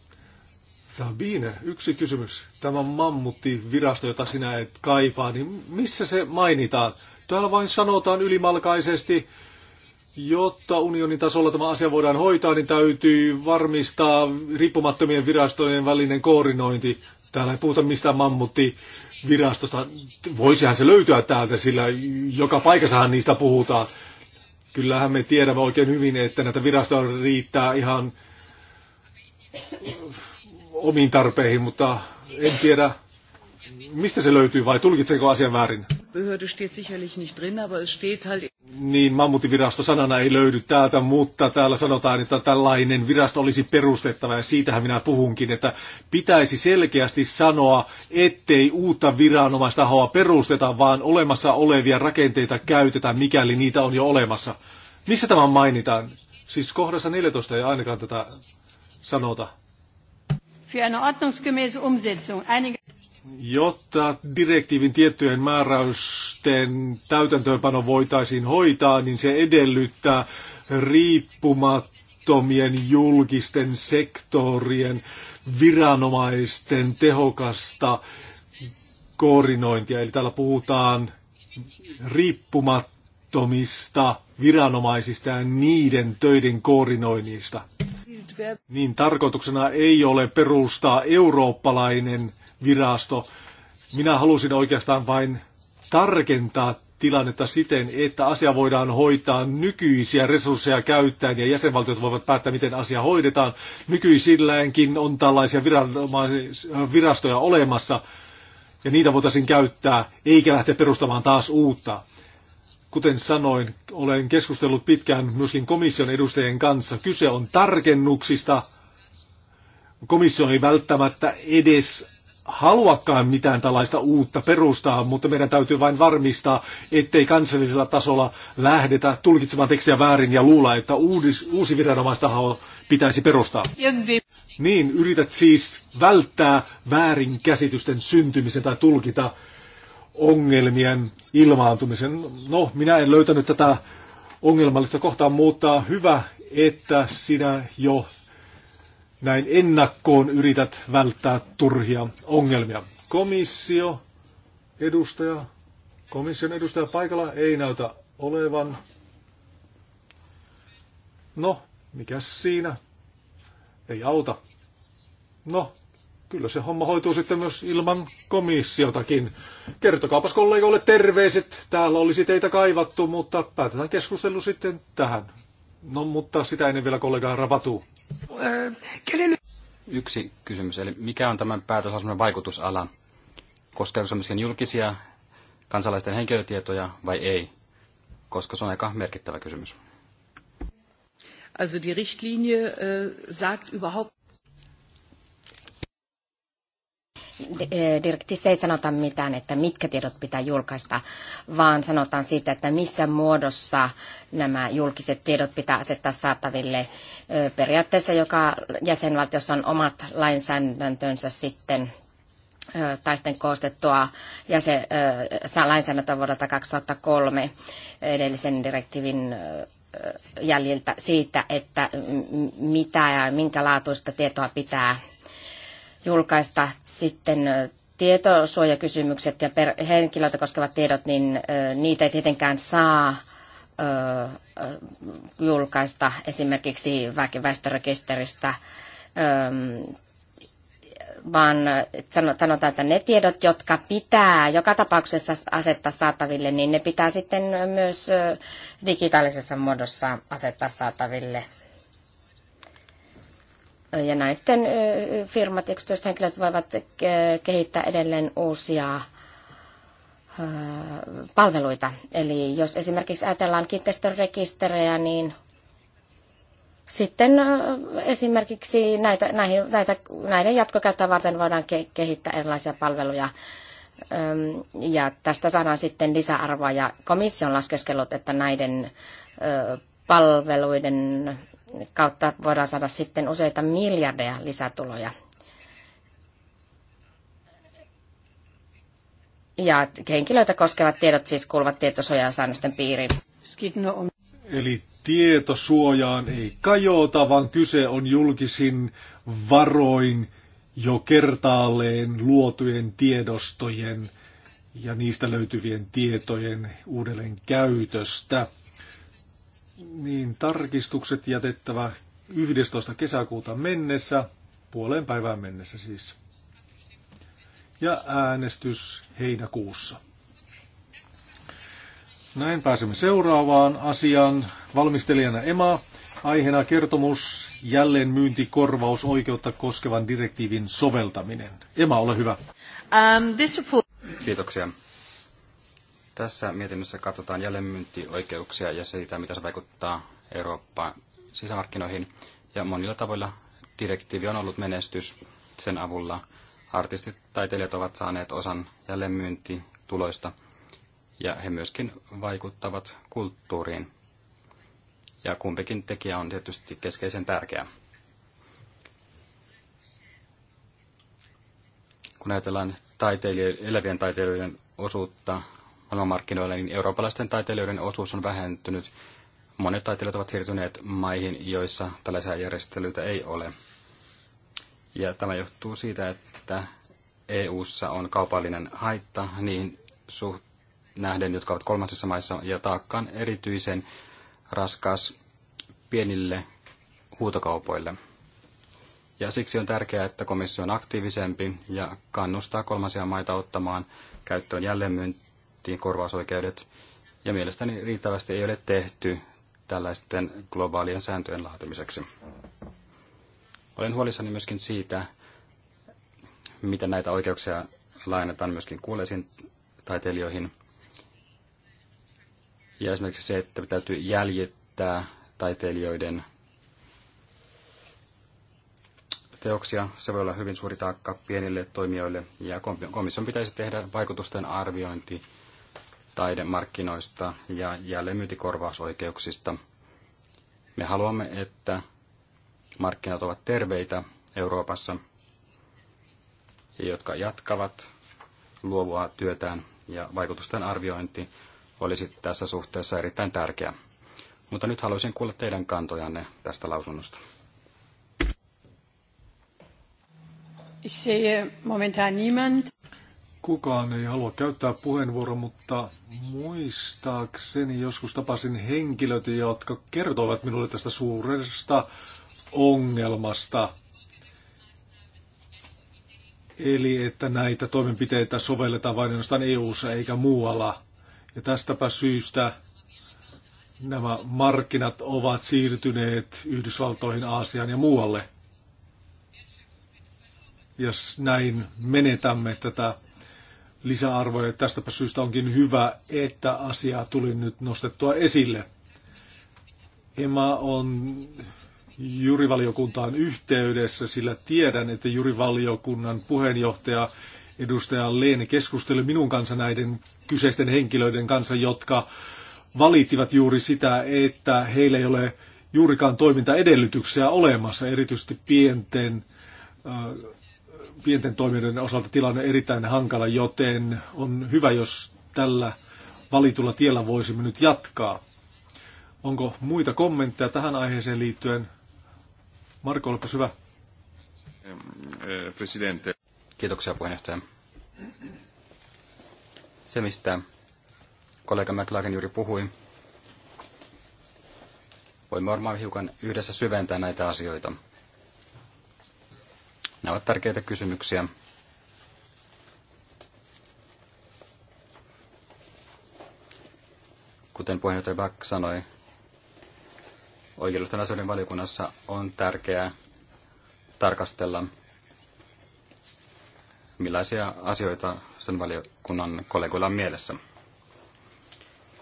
[SPEAKER 2] Sabine, yksi kysymys. Tämä mammutti virasto, jota sinä et kaipaa, niin missä se mainitaan? Täällä vain sanotaan ylimalkaisesti, jotta unionin tasolla tämä asia voidaan hoitaa, niin täytyy varmistaa riippumattomien virastojen välinen koordinointi. Täällä ei puhuta mistään mammuttivirastosta. Voisihan se löytyä täältä, sillä joka paikassahan niistä puhutaan. Kyllähän me tiedämme oikein hyvin, että näitä virastoja riittää ihan omiin tarpeihin, mutta en tiedä, mistä se löytyy vai tulkitseeko asian väärin.
[SPEAKER 4] Mammutbehörde steht sicherlich nicht drin, aber es steht halt...
[SPEAKER 2] Niin, mammuttivirasto sanana ei löydy täältä, mutta täällä sanotaan, että tällainen virasto olisi perustettava, ja siitähän minä puhunkin, että pitäisi selkeästi sanoa, ettei uutta viranomaistahoa perusteta, vaan olemassa olevia rakenteita käytetään, mikäli niitä on jo olemassa. Missä tämä mainitaan? Siis kohdassa 14 ei ainakaan tätä sanota.
[SPEAKER 1] Für eine ordnungsgemäße Umsetzung Einige...
[SPEAKER 2] Jotta direktiivin tiettyjen määräysten täytäntöönpano voitaisiin hoitaa, niin se edellyttää riippumattomien julkisten sektorien viranomaisten tehokasta koordinointia. Eli täällä puhutaan riippumattomista viranomaisista ja niiden töiden koordinoinnista. Niin tarkoituksena ei ole perustaa eurooppalainen virasto. Minä halusin oikeastaan vain tarkentaa tilannetta siten, että asia voidaan hoitaa nykyisiä resursseja käyttäen ja jäsenvaltiot voivat päättää, miten asia hoidetaan. Nykyisilläänkin on tällaisia virastoja olemassa ja niitä voitaisiin käyttää, eikä lähteä perustamaan taas uutta. Kuten sanoin, olen keskustellut pitkään myöskin komission edustajien kanssa. Kyse on tarkennuksista. Komissio ei välttämättä edes haluakaan mitään tällaista uutta perustaa, mutta meidän täytyy vain varmistaa, ettei kansallisella tasolla lähdetä tulkitsemaan tekstiä väärin ja luulla, että uudis, uusi viranomaistaho pitäisi perustaa. Niin, yrität siis välttää väärinkäsitysten syntymisen tai tulkita ongelmien ilmaantumisen. No, minä en löytänyt tätä ongelmallista kohtaa, mutta hyvä, että sinä jo näin ennakkoon yrität välttää turhia ongelmia. Komissio, edustaja, komission edustaja paikalla ei näytä olevan. No, mikäs siinä? Ei auta. No, kyllä se homma hoituu sitten myös ilman komissiotakin. Kertokaapas kollegoille terveiset. Täällä olisi teitä kaivattu, mutta päätetään keskustelu sitten tähän. No, mutta sitä ennen vielä kollega rabatu.
[SPEAKER 4] Yksi kysymys, eli mikä on tämän päätöslauselman vaikutusala? Koskeeko se myöskin julkisia kansalaisten henkilötietoja vai ei? Koska se on aika merkittävä kysymys.
[SPEAKER 1] Also die Richtlinie äh, sagt überhaupt
[SPEAKER 3] Eh, direktissä ei sanota mitään, että mitkä tiedot pitää julkaista, vaan sanotaan siitä, että missä muodossa nämä julkiset tiedot pitää asettaa saataville. Eh, periaatteessa joka jäsenvaltiossa on omat lainsäädäntönsä sitten eh, tai sitten koostettua ja se lainsäädäntö vuodelta 2003 edellisen direktiivin jäljiltä siitä, että mitä ja minkä tietoa pitää julkaista sitten tietosuojakysymykset ja per, henkilöitä koskevat tiedot, niin niitä ei tietenkään saa julkaista esimerkiksi väestörekisteristä, vaan sanotaan, että ne tiedot, jotka pitää joka tapauksessa asettaa saataville, niin ne pitää sitten myös digitaalisessa muodossa asettaa saataville ja naisten firmat, yksityiset henkilöt voivat kehittää edelleen uusia palveluita. Eli jos esimerkiksi ajatellaan kiinteistörekisterejä, niin sitten esimerkiksi näitä, näihin, näitä, näiden jatkokäyttöä varten voidaan kehittää erilaisia palveluja. Ja tästä saadaan sitten lisäarvoa ja komission laskeskelut, että näiden palveluiden kautta voidaan saada sitten useita miljardeja lisätuloja. Ja henkilöitä koskevat tiedot siis kuuluvat tietosuojasäännösten piiriin.
[SPEAKER 2] Eli tietosuojaan ei kajota, vaan kyse on julkisin varoin jo kertaalleen luotujen tiedostojen ja niistä löytyvien tietojen uudelleen käytöstä niin tarkistukset jätettävä 11. kesäkuuta mennessä, puoleen päivään mennessä siis. Ja äänestys heinäkuussa. Näin pääsemme seuraavaan asiaan. Valmistelijana Ema, aiheena kertomus jälleen myyntikorvausoikeutta koskevan direktiivin soveltaminen. Ema, ole hyvä.
[SPEAKER 1] Um, this report...
[SPEAKER 2] Kiitoksia. Tässä
[SPEAKER 4] mietinnössä katsotaan jälleenmyyntioikeuksia ja sitä mitä se vaikuttaa Eurooppaan sisämarkkinoihin. Ja monilla tavoilla direktiivi on ollut menestys. Sen avulla artistit, taiteilijat ovat saaneet osan jälleenmyyntituloista ja he myöskin vaikuttavat kulttuuriin. Ja kumpikin tekijä on tietysti keskeisen tärkeä. Kun ajatellaan taiteilijoiden, elävien taiteilijoiden osuutta maailmanmarkkinoilla, niin eurooppalaisten taiteilijoiden osuus on vähentynyt. Monet taiteilijat ovat siirtyneet maihin, joissa tällaisia järjestelyitä ei ole. Ja tämä johtuu siitä, että EU:ssa on kaupallinen haitta niihin suht- nähden, jotka ovat kolmansissa maissa, ja taakka on erityisen raskas pienille huutokaupoille. Ja siksi on tärkeää, että komissio on aktiivisempi ja kannustaa kolmansia maita ottamaan käyttöön jälleenmyynti poistettiin korvausoikeudet, ja mielestäni riittävästi ei ole tehty tällaisten globaalien sääntöjen laatimiseksi. Olen huolissani myöskin siitä, miten näitä oikeuksia laajennetaan myöskin kuuleisiin taiteilijoihin. Ja esimerkiksi se, että täytyy jäljittää taiteilijoiden teoksia. Se voi olla hyvin suuri taakka pienille toimijoille ja komission pitäisi tehdä vaikutusten arviointi taidemarkkinoista ja jälleenmyyntikorvausoikeuksista. Me haluamme, että markkinat ovat terveitä Euroopassa, jotka jatkavat luovua työtään ja vaikutusten arviointi olisi tässä suhteessa erittäin tärkeä. Mutta nyt haluaisin kuulla teidän kantojanne tästä
[SPEAKER 2] lausunnosta.
[SPEAKER 1] Ich sehe momentan niemand
[SPEAKER 2] kukaan ei halua käyttää puheenvuoroa, mutta muistaakseni joskus tapasin henkilöt, jotka kertoivat minulle tästä suuresta ongelmasta. Eli että näitä toimenpiteitä sovelletaan vain ainoastaan EU-ssa eikä muualla. Ja tästäpä syystä nämä markkinat ovat siirtyneet Yhdysvaltoihin, Aasiaan ja muualle. Ja näin menetämme tätä lisäarvoja. Tästäpä syystä onkin hyvä, että asiaa tuli nyt nostettua esille. Emma on jurivaliokuntaan yhteydessä, sillä tiedän, että jurivaliokunnan puheenjohtaja edustaja Leene keskusteli minun kanssa näiden kyseisten henkilöiden kanssa, jotka valittivat juuri sitä, että heillä ei ole juurikaan toimintaedellytyksiä olemassa, erityisesti pienten äh, pienten toimijoiden osalta tilanne erittäin hankala, joten on hyvä, jos tällä valitulla tiellä voisimme nyt jatkaa. Onko muita kommentteja tähän aiheeseen liittyen? Marko, olepas hyvä. Eh, presidente.
[SPEAKER 4] Kiitoksia puheenjohtaja. Se, mistä kollega McLaren juuri puhui, voimme varmaan hiukan yhdessä syventää näitä asioita. Nämä ovat tärkeitä kysymyksiä. Kuten puheenjohtaja Back sanoi, oikeudellisten asioiden valiokunnassa on tärkeää tarkastella, millaisia asioita sen valiokunnan kollegoilla on mielessä.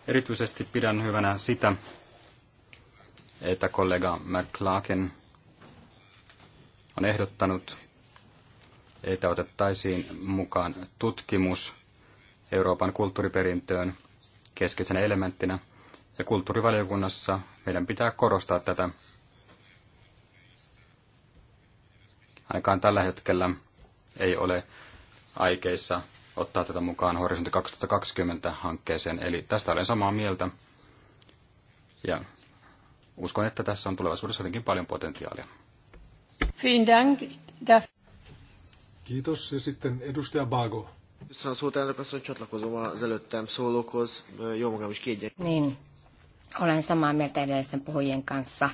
[SPEAKER 4] Erityisesti pidän hyvänä sitä, että kollega McClarkin on ehdottanut, että otettaisiin mukaan tutkimus Euroopan kulttuuriperintöön keskeisenä elementtinä. Ja kulttuurivaliokunnassa meidän pitää korostaa tätä. Ainakaan tällä hetkellä ei ole aikeissa ottaa tätä mukaan Horisontti 2020 hankkeeseen. Eli tästä olen samaa mieltä. Ja uskon, että tässä on tulevaisuudessa jotenkin
[SPEAKER 2] paljon potentiaalia. Kiitos. Ja sitten edustaja Bago. Köszönöm a szót, elnök asszony, csatlakozom az előttem szólókhoz. Jó
[SPEAKER 3] magam is kiegyen. Niin, olen samaa mieltä edellisten puhujien kanssa.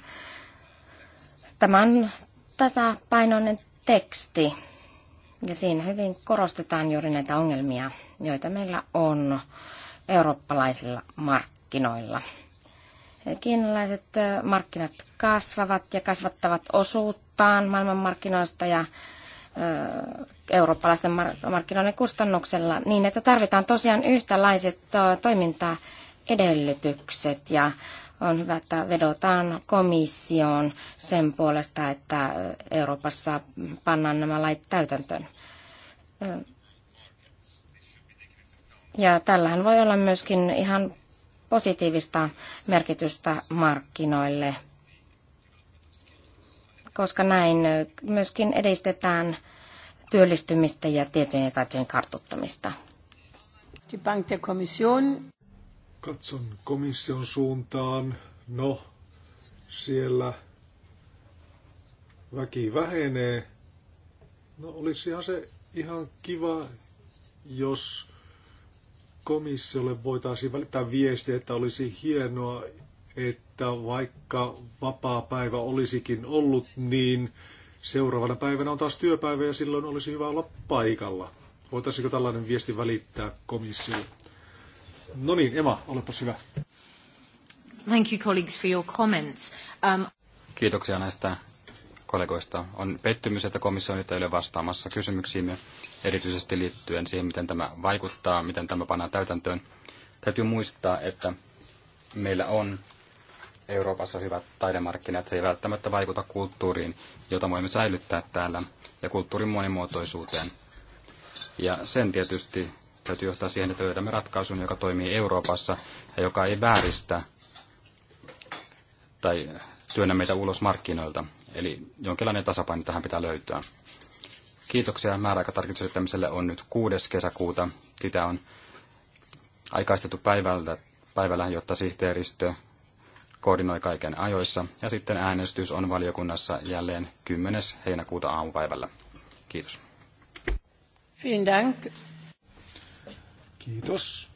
[SPEAKER 3] Tämä on tasapainoinen teksti ja siinä hyvin korostetaan juuri näitä ongelmia, joita meillä on eurooppalaisilla markkinoilla. Kiinalaiset markkinat kasvavat ja kasvattavat osuuttaan maailmanmarkkinoista ja eurooppalaisten markkinoiden kustannuksella niin, että tarvitaan tosiaan yhtälaiset toimintaedellytykset ja on hyvä, että vedotaan komissioon sen puolesta, että Euroopassa pannaan nämä lait täytäntöön. Ja tällähän voi olla myöskin ihan positiivista merkitystä markkinoille – koska näin myöskin edistetään työllistymistä ja tietojen ja taitojen kartuttamista.
[SPEAKER 2] Katson komission suuntaan. No, siellä väki vähenee. No, olisihan se ihan kiva, jos komissiolle voitaisiin välittää viestiä, että olisi hienoa, että vaikka vapaa päivä olisikin ollut, niin seuraavana päivänä on taas työpäivä ja silloin olisi hyvä olla paikalla. Voitaisiko tällainen viesti välittää komissiolle? No niin, Emma, olepa hyvä.
[SPEAKER 3] Thank you colleagues for your comments. Um...
[SPEAKER 2] Kiitoksia
[SPEAKER 4] näistä kollegoista. On pettymys, että komissio nyt ei ole vastaamassa kysymyksiimme, erityisesti liittyen siihen, miten tämä vaikuttaa, miten tämä pannaan täytäntöön. Täytyy muistaa, että meillä on Euroopassa hyvät taidemarkkinat, se ei välttämättä vaikuta kulttuuriin, jota voimme säilyttää täällä, ja kulttuurin monimuotoisuuteen. Ja sen tietysti täytyy johtaa siihen, että löydämme ratkaisun, joka toimii Euroopassa ja joka ei vääristä tai työnnä meitä ulos markkinoilta. Eli jonkinlainen tasapaino tähän pitää löytää. Kiitoksia. Määräaikatarkistusyrittämiselle on nyt 6. kesäkuuta. Sitä on aikaistettu päivällä, päivällä jotta sihteeristö koordinoi kaiken ajoissa ja sitten äänestys on valiokunnassa jälleen 10. heinäkuuta aamupäivällä. Kiitos.
[SPEAKER 1] Kiitos.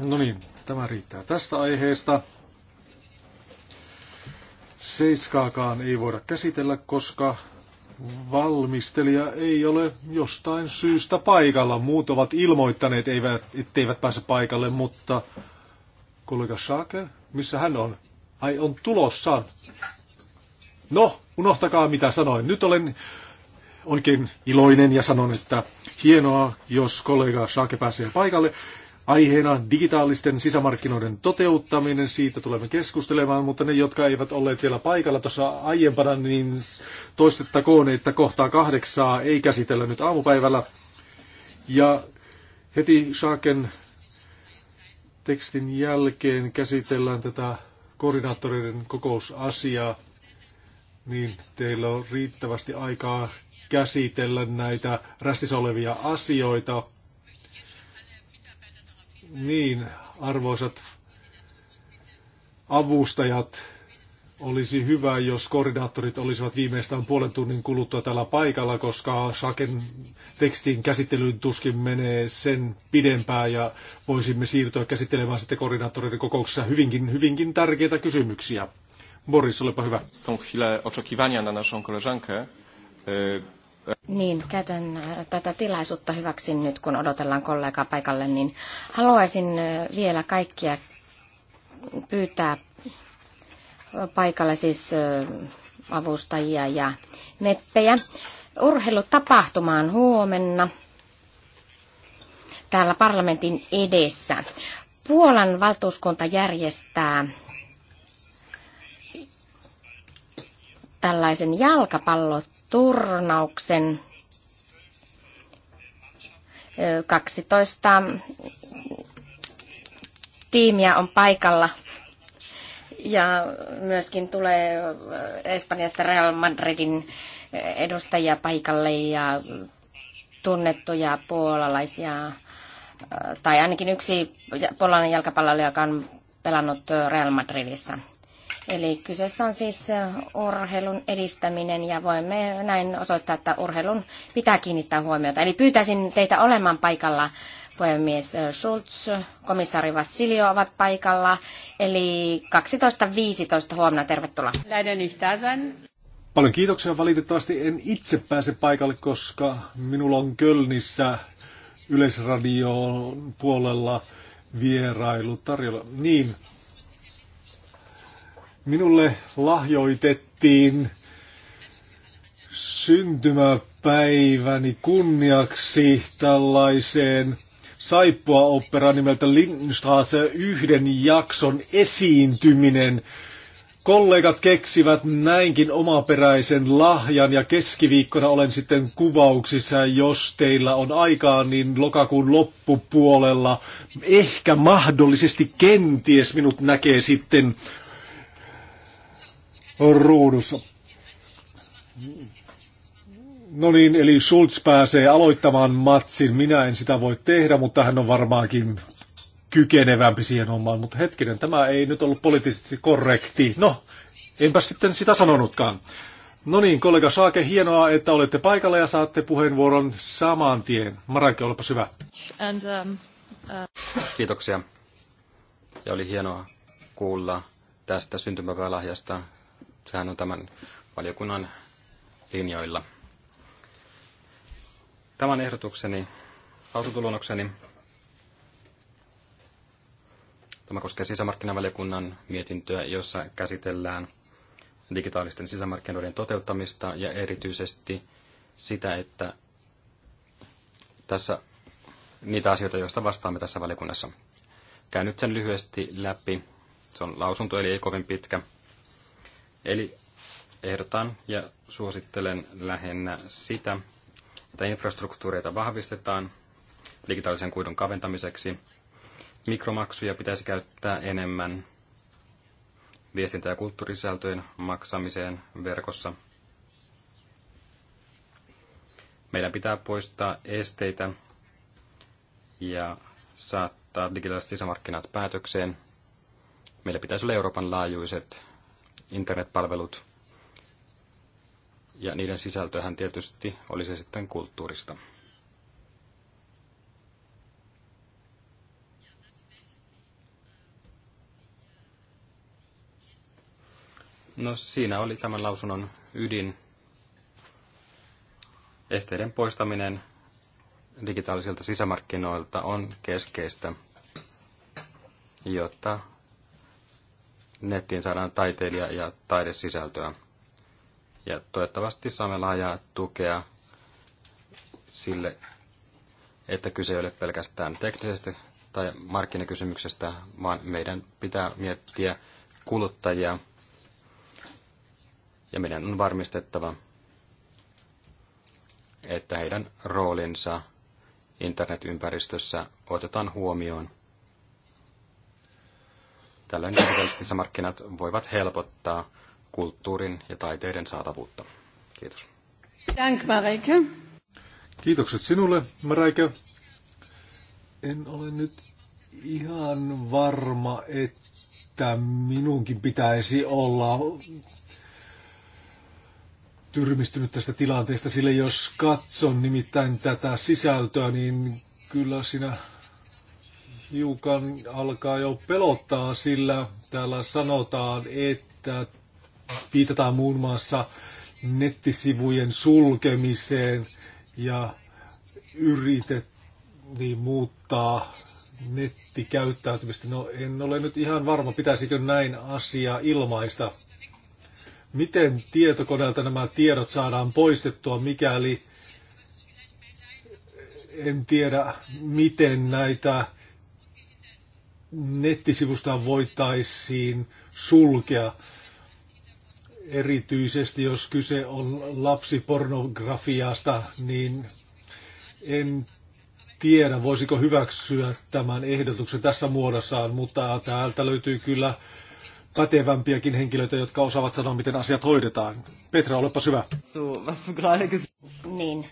[SPEAKER 2] No niin, tämä riittää tästä aiheesta. Seiskaakaan ei voida käsitellä, koska valmistelija ei ole jostain syystä paikalla. Muut ovat ilmoittaneet, etteivät pääse paikalle, mutta Kollega Schake, missä hän on? Ai on tulossaan. No, unohtakaa mitä sanoin. Nyt olen oikein iloinen ja sanon, että hienoa, jos kollega Schake pääsee paikalle. Aiheena digitaalisten sisämarkkinoiden toteuttaminen, siitä tulemme keskustelemaan, mutta ne, jotka eivät olleet vielä paikalla tuossa aiempana, niin toistettakoon, että kohtaa kahdeksaa ei käsitellä nyt aamupäivällä. Ja heti Saaken tekstin jälkeen käsitellään tätä koordinaattoreiden kokousasiaa, niin teillä on riittävästi aikaa käsitellä näitä rästissä olevia asioita. Niin, arvoisat avustajat, olisi hyvä, jos koordinaattorit olisivat viimeistään puolen tunnin kuluttua tällä paikalla, koska saken tekstin käsittelyyn tuskin menee sen pidempään ja voisimme siirtyä käsittelemään sitten koordinaattoreiden kokouksessa hyvinkin, hyvinkin tärkeitä kysymyksiä. Boris, olepa hyvä. E, e.
[SPEAKER 3] Niin, käytän e, tätä tilaisuutta hyväksi nyt, kun odotellaan kollegaa paikalle, niin haluaisin vielä kaikkia pyytää paikalla siis avustajia ja meppejä on huomenna täällä parlamentin edessä. Puolan valtuuskunta järjestää tällaisen jalkapalloturnauksen 12 tiimiä on paikalla ja myöskin tulee äh, Espanjasta Real Madridin äh, edustajia paikalle ja tunnettuja puolalaisia, äh, tai ainakin yksi puolalainen jalkapalloilija, joka on pelannut Real Madridissa. Eli kyseessä on siis urheilun edistäminen ja voimme näin osoittaa, että urheilun pitää kiinnittää huomiota. Eli pyytäisin teitä olemaan paikalla puhemies Schulz, komissaari Vassilio ovat paikalla. Eli 12.15 huomenna, tervetuloa.
[SPEAKER 2] Paljon kiitoksia. Valitettavasti en itse pääse paikalle, koska minulla on Kölnissä Yleisradion puolella vierailu tarjolla. Niin, minulle lahjoitettiin syntymäpäiväni kunniaksi tällaiseen saippua opera nimeltä Lindstraße yhden jakson esiintyminen. Kollegat keksivät näinkin omaperäisen lahjan ja keskiviikkona olen sitten kuvauksissa, jos teillä on aikaa, niin lokakuun loppupuolella ehkä mahdollisesti kenties minut näkee sitten ruudussa. No niin, eli Schulz pääsee aloittamaan matsin. Minä en sitä voi tehdä, mutta hän on varmaankin kykenevämpi siihen omaan. Mutta hetkinen, tämä ei nyt ollut poliittisesti korrekti. No, enpä sitten sitä sanonutkaan. No niin, kollega Saake, hienoa, että olette paikalla ja saatte puheenvuoron saman tien. Marake olepa hyvä.
[SPEAKER 4] And, um, uh... Kiitoksia. Ja oli hienoa kuulla tästä syntymäpäälahjasta. Sehän on tämän valiokunnan linjoilla. Tämän ehdotukseni, lausuntoluonnokseni. Tämä koskee sisämarkkinavaliokunnan mietintöä, jossa käsitellään digitaalisten sisämarkkinoiden toteuttamista ja erityisesti sitä, että tässä niitä asioita, joista vastaamme tässä valiokunnassa. Käyn nyt sen lyhyesti läpi. Se on lausunto, eli ei kovin pitkä. Eli ehdotan ja suosittelen lähinnä sitä, että infrastruktuureita vahvistetaan digitaalisen kuidun kaventamiseksi. Mikromaksuja pitäisi käyttää enemmän viestintä- ja kulttuurisältöjen maksamiseen verkossa. Meidän pitää poistaa esteitä ja saattaa digitaaliset sisämarkkinat päätökseen. Meillä pitäisi olla Euroopan laajuiset internetpalvelut ja niiden sisältöhän tietysti oli se sitten kulttuurista. No siinä oli tämän lausunnon ydin. Esteiden poistaminen digitaalisilta sisämarkkinoilta on keskeistä, jotta nettiin saadaan taiteilija- ja taidesisältöä. Ja toivottavasti saamme laajaa tukea sille, että kyse ei ole pelkästään teknisestä tai markkinakysymyksestä, vaan meidän pitää miettiä kuluttajia ja meidän on varmistettava, että heidän roolinsa internetympäristössä otetaan huomioon. Tällöin digitaaliset markkinat voivat helpottaa kulttuurin
[SPEAKER 2] ja taiteiden saatavuutta. Kiitos. Dank, Kiitokset sinulle, Mareike. En ole nyt ihan varma, että minunkin pitäisi olla tyrmistynyt tästä tilanteesta, sillä jos katson nimittäin tätä sisältöä, niin kyllä sinä hiukan alkaa jo pelottaa, sillä täällä sanotaan, että viitataan muun muassa nettisivujen sulkemiseen ja yritettiin muuttaa nettikäyttäytymistä. No en ole nyt ihan varma, pitäisikö näin asia ilmaista. Miten tietokoneelta nämä tiedot saadaan poistettua, mikäli en tiedä, miten näitä nettisivusta voitaisiin sulkea erityisesti jos kyse on lapsipornografiasta, niin en tiedä, voisiko hyväksyä tämän ehdotuksen tässä muodossaan, mutta täältä löytyy kyllä pätevämpiäkin henkilöitä, jotka osaavat sanoa, miten asiat hoidetaan. Petra, olepa hyvä.
[SPEAKER 3] Niin,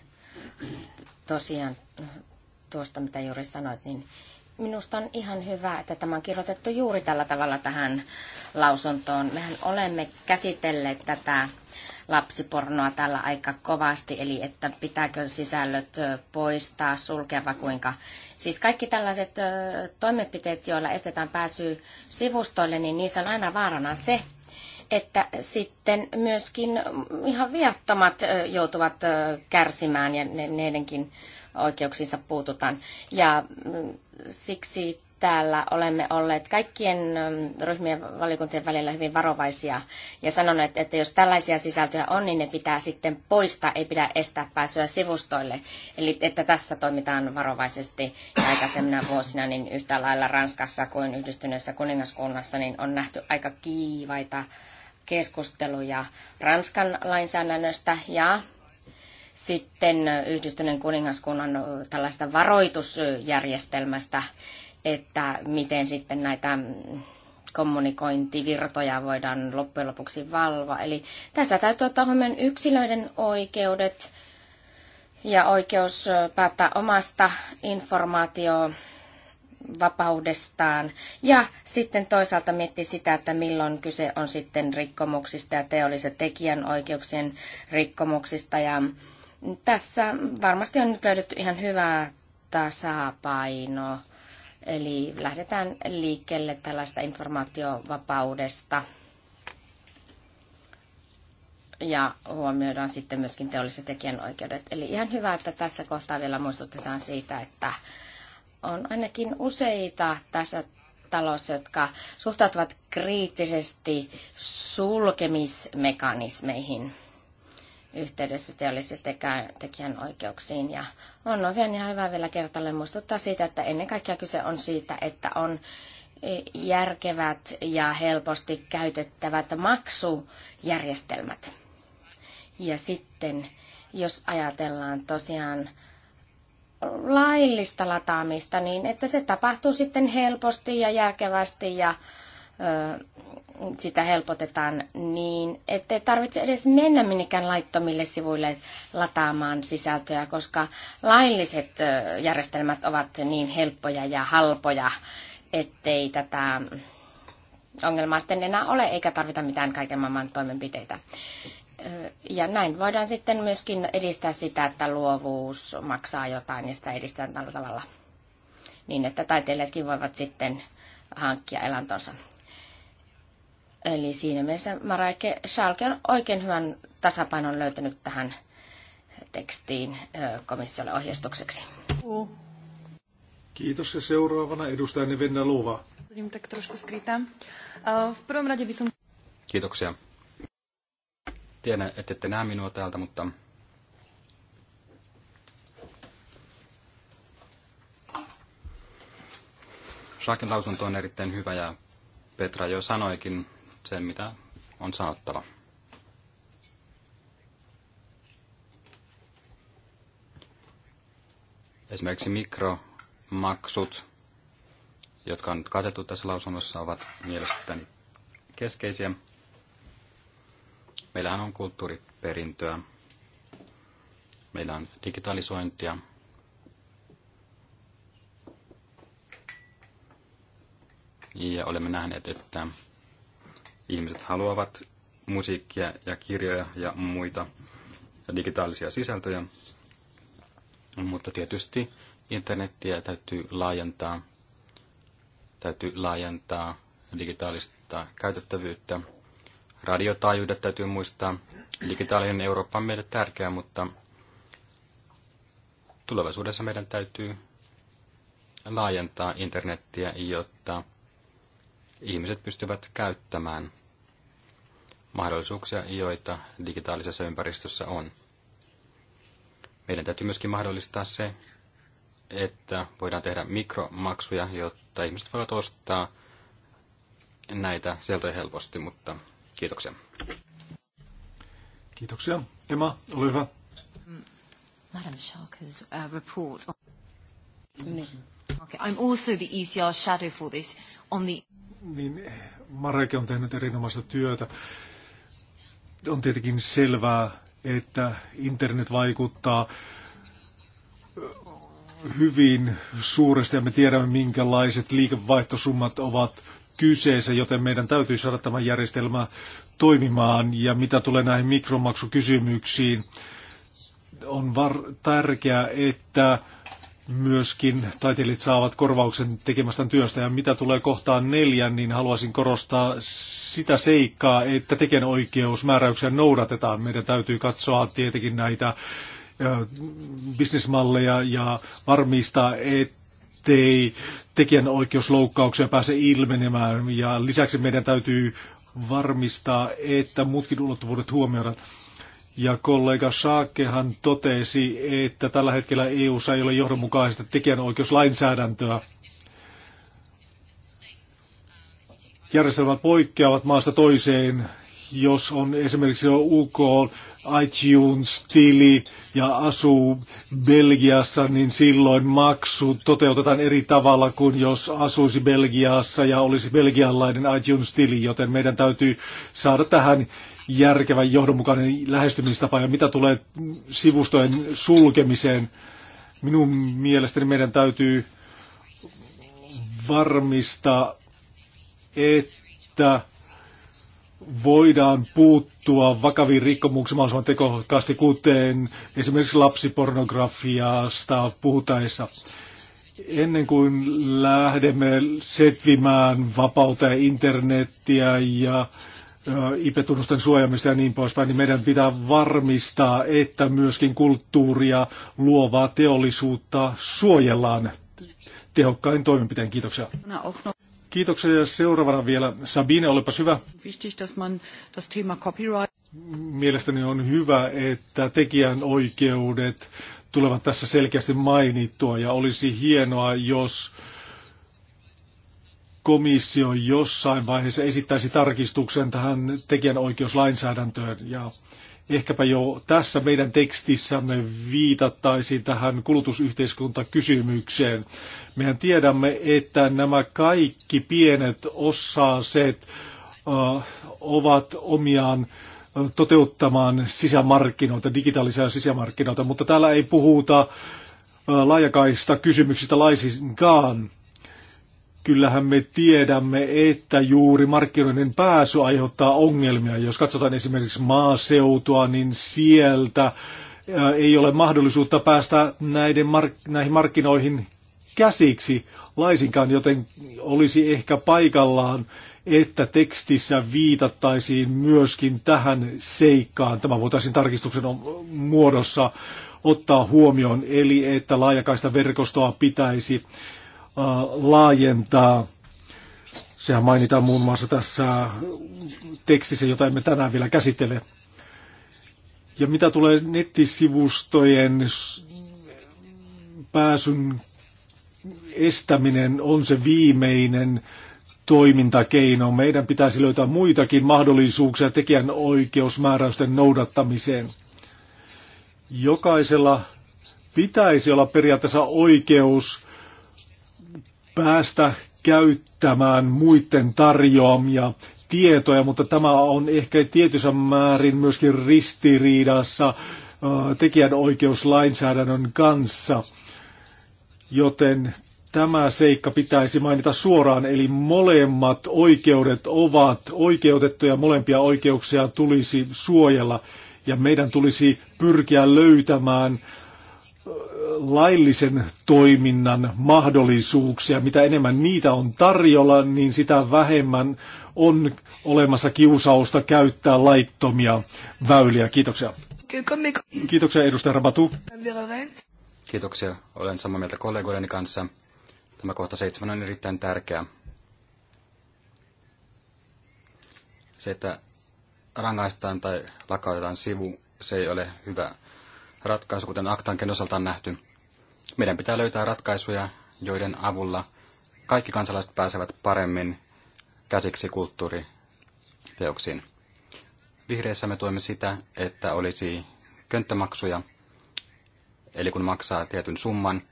[SPEAKER 3] tosiaan tuosta, mitä juuri sanoit, niin Minusta on ihan hyvä, että tämä on kirjoitettu juuri tällä tavalla tähän lausuntoon. Mehän olemme käsitelleet tätä lapsipornoa tällä aika kovasti, eli että pitääkö sisällöt poistaa, sulkea vai kuinka. Siis kaikki tällaiset toimenpiteet, joilla estetään pääsy sivustoille, niin niissä on aina vaarana se, että sitten myöskin ihan viattomat joutuvat kärsimään ja ne, neidenkin oikeuksiinsa puututaan. Ja mm, siksi täällä olemme olleet kaikkien ähm, ryhmien valiokuntien välillä hyvin varovaisia ja sanoneet, että jos tällaisia sisältöjä on, niin ne pitää sitten poistaa, ei pidä estää pääsyä sivustoille. Eli että tässä toimitaan varovaisesti ja aikaisemmina vuosina niin yhtä lailla Ranskassa kuin Yhdistyneessä kuningaskunnassa niin on nähty aika kiivaita keskusteluja Ranskan lainsäädännöstä ja sitten yhdistyneen kuningaskunnan tällaista varoitusjärjestelmästä, että miten sitten näitä mm, kommunikointivirtoja voidaan loppujen lopuksi valvoa. Eli tässä täytyy ottaa huomioon yksilöiden oikeudet ja oikeus päättää omasta informaatio vapaudestaan ja sitten toisaalta miettiä sitä, että milloin kyse on sitten rikkomuksista ja teollisen tekijänoikeuksien rikkomuksista ja tässä varmasti on nyt löydetty ihan hyvää tasapaino. Eli lähdetään liikkeelle tällaista informaatiovapaudesta. Ja huomioidaan sitten myöskin teolliset tekijänoikeudet. Eli ihan hyvä, että tässä kohtaa vielä muistutetaan siitä, että on ainakin useita tässä talossa, jotka suhtautuvat kriittisesti sulkemismekanismeihin yhteydessä tekijän oikeuksiin Ja on sen ihan hyvä vielä kertalle muistuttaa siitä, että ennen kaikkea kyse on siitä, että on e, järkevät ja helposti käytettävät maksujärjestelmät. Ja sitten, jos ajatellaan tosiaan laillista lataamista, niin että se tapahtuu sitten helposti ja järkevästi ja ö, sitä helpotetaan niin, ettei tarvitse edes mennä minnekään laittomille sivuille lataamaan sisältöä, koska lailliset järjestelmät ovat niin helppoja ja halpoja, ettei tätä ongelmaa sitten enää ole, eikä tarvita mitään kaiken maailman toimenpiteitä. Ja näin voidaan sitten myöskin edistää sitä, että luovuus maksaa jotain ja sitä edistetään tällä tavalla niin, että taiteilijatkin voivat sitten hankkia elantonsa. Eli siinä mielessä Maraike Schalke on oikein hyvän tasapainon löytänyt tähän tekstiin komissiolle ohjeistukseksi.
[SPEAKER 2] Kiitos ja seuraavana edustaja Nevenna Luva. Kiitoksia.
[SPEAKER 4] Tiedän, että ette näe minua täältä, mutta Schalken lausunto on erittäin hyvä ja Petra jo sanoikin, sen, mitä on sanottava. Esimerkiksi mikromaksut, jotka on nyt katettu tässä lausunnossa, ovat mielestäni keskeisiä. Meillähän on kulttuuriperintöä, meillä on digitalisointia, ja olemme nähneet, että Ihmiset haluavat musiikkia ja kirjoja ja muita ja digitaalisia sisältöjä, mutta tietysti internettiä täytyy laajentaa, täytyy laajentaa digitaalista käytettävyyttä. Radiotaajuudet täytyy muistaa. Digitaalinen Eurooppa on meille tärkeä, mutta tulevaisuudessa meidän täytyy laajentaa internettiä, jotta ihmiset pystyvät käyttämään mahdollisuuksia, joita digitaalisessa ympäristössä on. Meidän täytyy myöskin mahdollistaa se, että voidaan tehdä mikromaksuja, jotta ihmiset voivat ostaa näitä sieltä helposti, mutta kiitoksia.
[SPEAKER 2] Kiitoksia. Emma, ole hyvä.
[SPEAKER 3] Madam Schalker's uh, report. On... Okay, I'm also the ECR shadow for this on the
[SPEAKER 2] niin Marek on tehnyt erinomaista työtä. On tietenkin selvää, että internet vaikuttaa hyvin suuresti ja me tiedämme, minkälaiset liikevaihtosummat ovat kyseessä, joten meidän täytyy saada tämä järjestelmä toimimaan. Ja mitä tulee näihin mikromaksukysymyksiin, on var- tärkeää, että myöskin taiteilijat saavat korvauksen tekemästään työstä. Ja mitä tulee kohtaan neljän, niin haluaisin korostaa sitä seikkaa, että tekijänoikeusmääräyksiä noudatetaan. Meidän täytyy katsoa tietenkin näitä bisnismalleja ja varmistaa, ettei tekijänoikeusloukkauksia pääse ilmenemään. Ja lisäksi meidän täytyy varmistaa, että muutkin ulottuvuudet huomioidaan. Ja kollega Saakkehan totesi, että tällä hetkellä eu ei ole johdonmukaista tekijänoikeuslainsäädäntöä. Järjestelmät poikkeavat maasta toiseen, jos on esimerkiksi UK iTunes-tili ja asuu Belgiassa, niin silloin maksu toteutetaan eri tavalla kuin jos asuisi Belgiassa ja olisi belgialainen iTunes-tili, joten meidän täytyy saada tähän järkevä johdonmukainen lähestymistapa. Ja mitä tulee sivustojen sulkemiseen, minun mielestäni meidän täytyy varmistaa, että voidaan puuttua vakaviin rikkomuksiin mahdollisimman tekokkaasti, kuten esimerkiksi lapsipornografiasta puhutaessa. Ennen kuin lähdemme setvimään vapautta ja internettiä ja IP-tunnusten suojaamista ja niin poispäin, niin meidän pitää varmistaa, että myöskin kulttuuria luovaa teollisuutta suojellaan tehokkain toimenpiteen. Kiitoksia. Kiitoksia ja seuraavana vielä Sabine, olepa hyvä. Mielestäni on hyvä, että tekijänoikeudet tulevat tässä selkeästi mainittua ja olisi hienoa, jos komissio jossain vaiheessa esittäisi tarkistuksen tähän tekijänoikeuslainsäädäntöön ja ehkäpä jo tässä meidän tekstissämme viitattaisiin tähän kulutusyhteiskuntakysymykseen. Mehän tiedämme, että nämä kaikki pienet osaset äh, ovat omiaan toteuttamaan sisämarkkinoita, digitaalisia sisämarkkinoita, mutta täällä ei puhuta laajakaista kysymyksistä laisinkaan kyllähän me tiedämme, että juuri markkinoiden pääsy aiheuttaa ongelmia. Jos katsotaan esimerkiksi maaseutua, niin sieltä äh, ei ole mahdollisuutta päästä näiden mark- näihin markkinoihin käsiksi laisinkaan, joten olisi ehkä paikallaan, että tekstissä viitattaisiin myöskin tähän seikkaan. Tämä voitaisiin tarkistuksen muodossa ottaa huomioon, eli että laajakaista verkostoa pitäisi laajentaa. Sehän mainitaan muun muassa tässä tekstissä, jota emme tänään vielä käsittele. Ja mitä tulee nettisivustojen pääsyn estäminen on se viimeinen toimintakeino. Meidän pitäisi löytää muitakin mahdollisuuksia tekijän oikeusmääräysten noudattamiseen. Jokaisella pitäisi olla periaatteessa oikeus päästä käyttämään muiden tarjoamia tietoja, mutta tämä on ehkä tietyssä määrin myöskin ristiriidassa äh, tekijänoikeuslainsäädännön kanssa, joten tämä seikka pitäisi mainita suoraan, eli molemmat oikeudet ovat oikeutettuja, molempia oikeuksia tulisi suojella, ja meidän tulisi pyrkiä löytämään laillisen toiminnan mahdollisuuksia. Mitä enemmän niitä on tarjolla, niin sitä vähemmän on olemassa kiusausta käyttää laittomia väyliä. Kiitoksia. Kiitoksia edustaja Rabatu.
[SPEAKER 4] Kiitoksia. Olen samaa mieltä kollegoideni kanssa. Tämä kohta seitsemän on erittäin tärkeä. Se, että rangaistaan tai lakautetaan sivu, se ei ole hyvä ratkaisu, kuten Aktankin osalta on nähty. Meidän pitää löytää ratkaisuja, joiden avulla kaikki kansalaiset pääsevät paremmin käsiksi kulttuuriteoksiin. Vihreissä me tuemme sitä, että olisi könttämaksuja, eli kun maksaa tietyn summan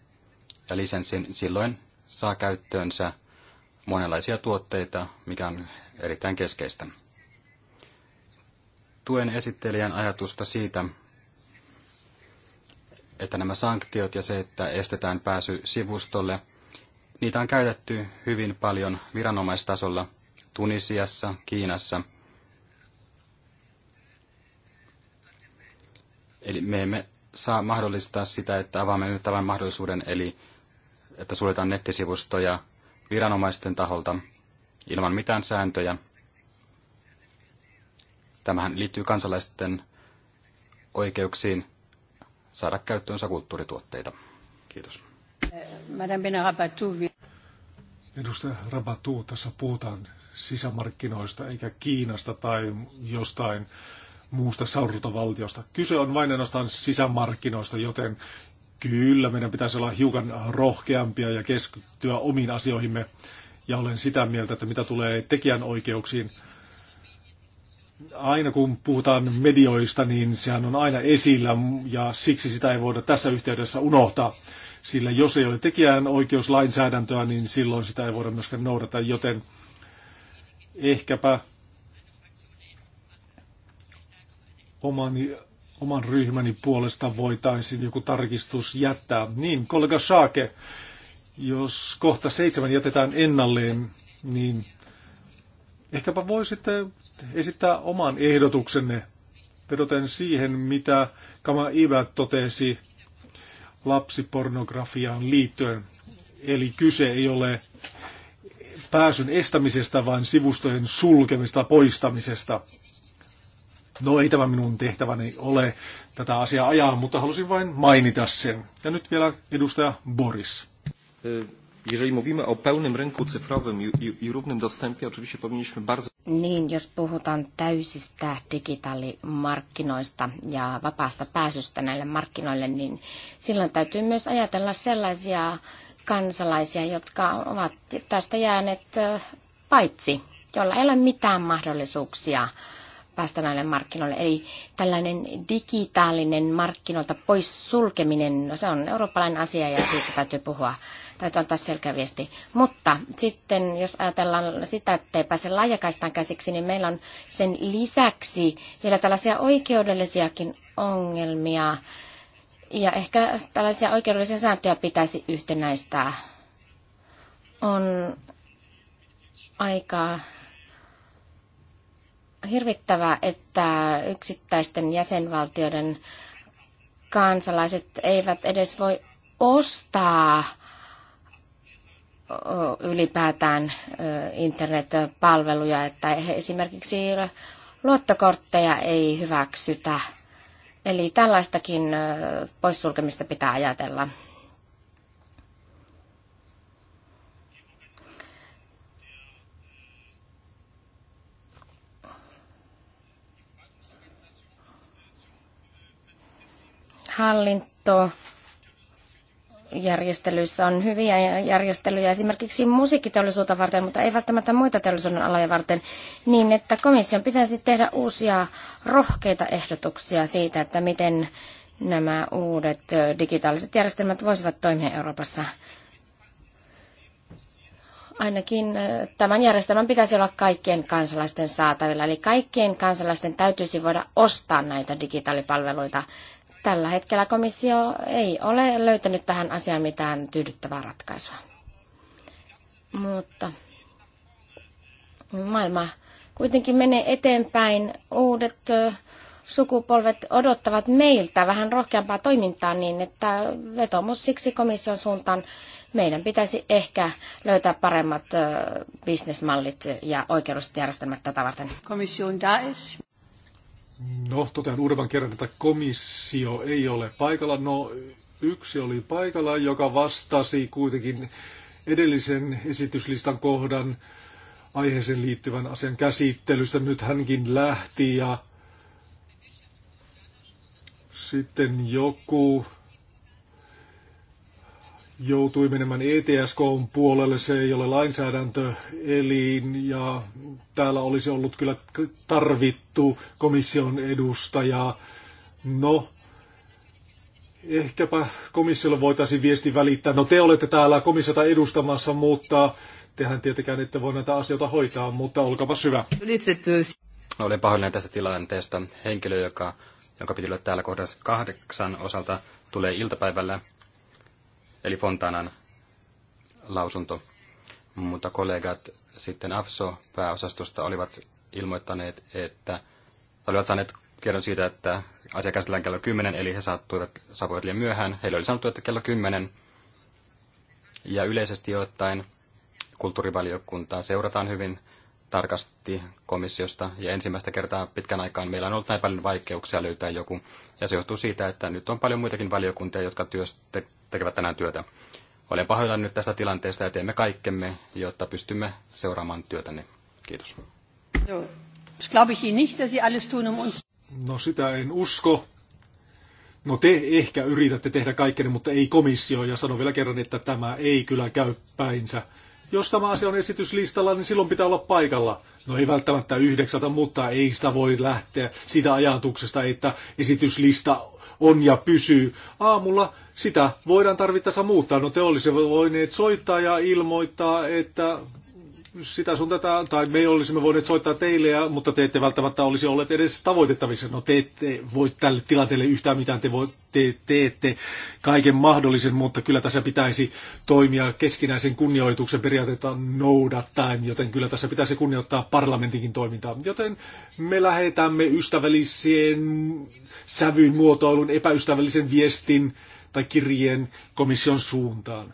[SPEAKER 4] ja lisenssin, silloin saa käyttöönsä monenlaisia tuotteita, mikä on erittäin keskeistä. Tuen esittelijän ajatusta siitä, että nämä sanktiot ja se, että estetään pääsy sivustolle, niitä on käytetty hyvin paljon viranomaistasolla Tunisiassa, Kiinassa. Eli me emme saa mahdollistaa sitä, että avaamme nyt tämän mahdollisuuden, eli että suljetaan nettisivustoja viranomaisten taholta ilman mitään sääntöjä. Tämähän liittyy kansalaisten oikeuksiin saada käyttöönsä kulttuurituotteita.
[SPEAKER 2] Kiitos. Madame Edustaja Rabatu, tässä puhutaan sisämarkkinoista eikä Kiinasta tai jostain muusta saurutavaltiosta. Kyse on vain ainoastaan sisämarkkinoista, joten kyllä meidän pitäisi olla hiukan rohkeampia ja keskittyä omiin asioihimme. Ja olen sitä mieltä, että mitä tulee tekijänoikeuksiin, aina kun puhutaan medioista, niin sehän on aina esillä ja siksi sitä ei voida tässä yhteydessä unohtaa. Sillä jos ei ole tekijän oikeuslainsäädäntöä, niin silloin sitä ei voida myöskään noudata, joten ehkäpä omani, oman ryhmäni puolesta voitaisiin joku tarkistus jättää. Niin, kollega Saake, jos kohta seitsemän jätetään ennalleen, niin ehkäpä voisitte esittää oman ehdotuksenne. Vedoten siihen, mitä Kama Ivä totesi lapsipornografiaan liittyen. Eli kyse ei ole pääsyn estämisestä, vaan sivustojen sulkemista poistamisesta. No ei tämä minun tehtäväni ole tätä asiaa ajaa, mutta halusin vain mainita sen. Ja nyt vielä edustaja Boris. Jeżeli mówimy o pełnym rynku cyfrowym i, i, i równym dostępie, oczywiście powinniśmy bardzo...
[SPEAKER 3] Niin, jos puhutaan täysistä digitaalimarkkinoista ja vapaasta pääsystä näille markkinoille, niin silloin täytyy myös ajatella sellaisia kansalaisia, jotka ovat tästä jääneet paitsi, jolla ei ole mitään mahdollisuuksia äh, päästä näille markkinoille. Eli tällainen digitaalinen markkinoilta pois sulkeminen, no se on eurooppalainen asia ja siitä täytyy puhua. Täytyy antaa selkeä viesti. Mutta sitten jos ajatellaan sitä, että ei pääse laajakaistaan käsiksi, niin meillä on sen lisäksi vielä tällaisia oikeudellisiakin ongelmia. Ja ehkä tällaisia oikeudellisia sääntöjä pitäisi yhtenäistää. On aika hirvittävää, että yksittäisten jäsenvaltioiden kansalaiset eivät edes voi ostaa ylipäätään internetpalveluja, että esimerkiksi luottokortteja ei hyväksytä. Eli tällaistakin poissulkemista pitää ajatella. hallinto järjestelyissä on hyviä järjestelyjä esimerkiksi musiikkiteollisuutta varten, mutta ei välttämättä muita teollisuuden aloja varten, niin että komission pitäisi tehdä uusia rohkeita ehdotuksia siitä, että miten nämä uudet digitaaliset järjestelmät voisivat toimia Euroopassa. Ainakin tämän järjestelmän pitäisi olla kaikkien kansalaisten saatavilla, eli kaikkien kansalaisten täytyisi voida ostaa näitä digitaalipalveluita. Tällä hetkellä komissio ei ole löytänyt tähän asiaan mitään tyydyttävää ratkaisua. Mutta maailma kuitenkin menee eteenpäin. Uudet sukupolvet odottavat meiltä vähän rohkeampaa toimintaa niin, että vetomus siksi komission suuntaan meidän pitäisi ehkä löytää paremmat bisnesmallit ja oikeudelliset järjestelmät tätä varten. Komission No,
[SPEAKER 2] totean uudemman kerran, että komissio ei ole paikalla. No, yksi oli paikalla, joka vastasi kuitenkin edellisen esityslistan kohdan aiheeseen liittyvän asian käsittelystä. Nyt hänkin lähti ja sitten joku joutui menemään ETSKn puolelle, se ei ole lainsäädäntöelin ja täällä olisi ollut kyllä tarvittu komission edustaja. No, ehkäpä komissiolle voitaisiin viesti välittää. No te olette täällä komissiota edustamassa, mutta tehän tietenkään ette voi näitä asioita hoitaa, mutta olkaapa hyvä.
[SPEAKER 4] Olen pahoillinen tästä tilanteesta. Henkilö, joka, jonka piti olla täällä kohdassa kahdeksan osalta, tulee iltapäivällä eli Fontanan lausunto. Mutta kollegat sitten AFSO-pääosastosta olivat ilmoittaneet, että olivat saaneet tiedon siitä, että asia käsitellään kello 10, eli he saattuivat, saapua liian myöhään. Heille oli sanottu, että kello 10. Ja yleisesti ottaen kulttuurivaliokuntaa seurataan hyvin tarkasti komissiosta ja ensimmäistä kertaa pitkän aikaan meillä on ollut näin paljon vaikeuksia löytää joku. Ja se johtuu siitä, että nyt on paljon muitakin valiokuntia, jotka työstä, tekevät tänään työtä. Olen pahoillani nyt tästä tilanteesta ja teemme kaikkemme, jotta pystymme seuraamaan työtäni.
[SPEAKER 2] Kiitos. Um no sitä en usko. No te ehkä yritätte tehdä kaikkenne, mutta ei komissio. Ja sano vielä kerran, että tämä ei kyllä käy päinsä. Jos tämä asia on esityslistalla, niin silloin pitää olla paikalla. No ei välttämättä yhdeksältä, mutta ei sitä voi lähteä sitä ajatuksesta, että esityslista on ja pysyy. Aamulla sitä voidaan tarvittaessa muuttaa. No te olisivat voineet soittaa ja ilmoittaa, että sitä sun tätä, tai me olisimme voineet soittaa teille, ja, mutta te ette välttämättä olisi olleet edes tavoitettavissa. No te ette voi tälle tilanteelle yhtään mitään, te, voi, te teette kaiken mahdollisen, mutta kyllä tässä pitäisi toimia keskinäisen kunnioituksen periaatetta noudattaen, joten kyllä tässä pitäisi kunnioittaa parlamentinkin toimintaa. Joten me lähetämme ystävälliseen sävyyn muotoilun epäystävällisen viestin tai kirjeen komission suuntaan.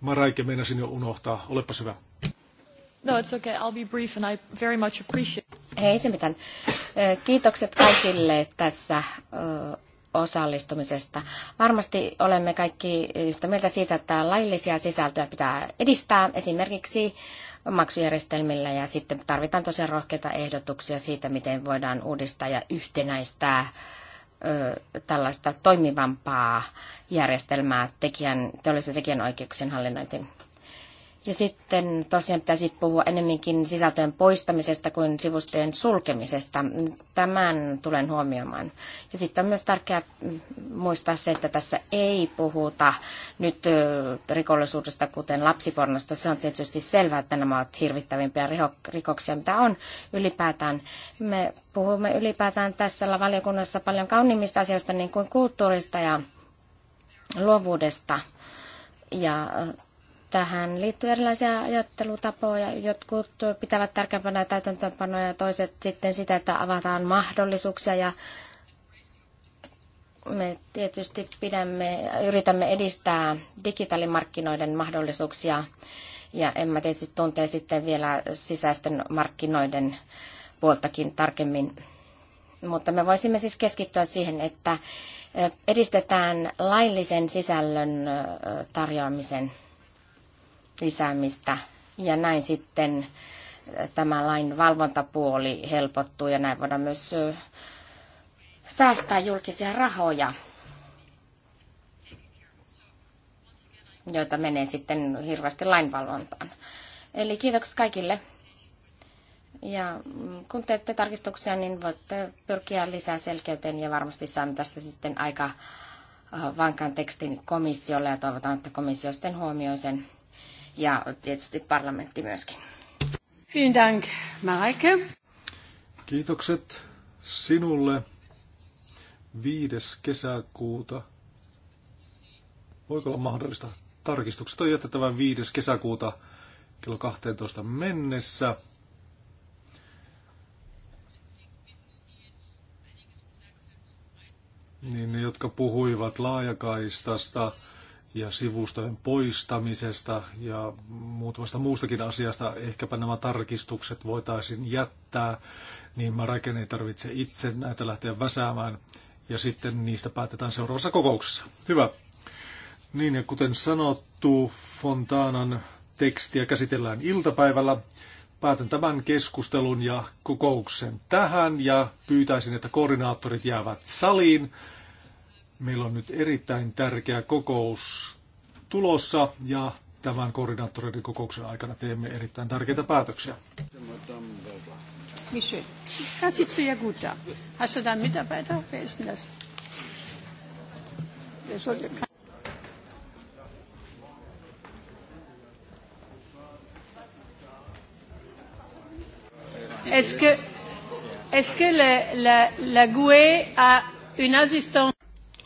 [SPEAKER 2] Maraike meinasin jo unohtaa. Olepas hyvä.
[SPEAKER 3] No, it's okay. I'll be brief and I very much appreciate. Ei se mitään. Kiitokset kaikille tässä osallistumisesta. Varmasti olemme kaikki yhtä mieltä siitä, että laillisia sisältöjä pitää edistää esimerkiksi maksujärjestelmillä ja sitten tarvitaan tosiaan rohkeita ehdotuksia siitä, miten voidaan uudistaa ja yhtenäistää tällaista toimivampaa järjestelmää tekijän, teollisen oikeuksien hallinnointiin. Ja sitten tosiaan pitäisi puhua enemminkin sisältöjen poistamisesta kuin sivustojen sulkemisesta. Tämän tulen huomioimaan. Ja sitten on myös tärkeää muistaa se, että tässä ei puhuta nyt rikollisuudesta, kuten lapsipornosta. Se on tietysti selvää, että nämä ovat hirvittävimpiä rikoksia, mitä on ylipäätään. Me puhumme ylipäätään tässä valiokunnassa paljon kauniimmista asioista, niin kuin kulttuurista ja luovuudesta. Ja Tähän liittyy erilaisia ajattelutapoja. Jotkut pitävät tärkeämpänä täytäntöönpanoja ja toiset sitten sitä, että avataan mahdollisuuksia ja me tietysti pidämme, yritämme edistää digitaalimarkkinoiden mahdollisuuksia ja en mä tietysti tuntee sitten vielä sisäisten markkinoiden puoltakin tarkemmin. Mutta me voisimme siis keskittyä siihen, että edistetään laillisen sisällön tarjoamisen lisäämistä. Ja näin sitten äh, tämä lain valvontapuoli helpottuu ja näin voidaan myös säästää julkisia rahoja, joita menee sitten hirveästi lainvalvontaan. Eli kiitokset kaikille. Ja kun teette tarkistuksia, niin voitte pyrkiä lisää selkeyteen ja varmasti saamme tästä sitten aika vankan tekstin komissiolle ja toivotaan, että komissio sitten huomioi sen ja tietysti parlamentti myöskin. Vielen dank,
[SPEAKER 2] Kiitokset sinulle. 5. kesäkuuta. Voiko olla mahdollista? Tarkistukset on jätettävä 5. kesäkuuta kello 12 mennessä. Niin ne, jotka puhuivat laajakaistasta, ja sivustojen poistamisesta ja muutamasta muustakin asiasta. Ehkäpä nämä tarkistukset voitaisiin jättää, niin Maraken ei tarvitse itse näitä lähteä väsäämään. Ja sitten niistä päätetään seuraavassa kokouksessa. Hyvä. Niin ja kuten sanottu, Fontaanan tekstiä käsitellään iltapäivällä. Päätän tämän keskustelun ja kokouksen tähän ja pyytäisin, että koordinaattorit jäävät saliin. Meillä on nyt erittäin tärkeä kokous tulossa ja tämän koordinaattoreiden kokouksen aikana teemme erittäin tärkeitä päätöksiä.
[SPEAKER 1] Michel, hast du Mitarbeiter? Wer ist das? Est-ce que, est-ce que la, la, la GUE a une assistance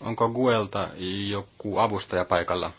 [SPEAKER 4] Onko Guelta joku avustaja paikalla?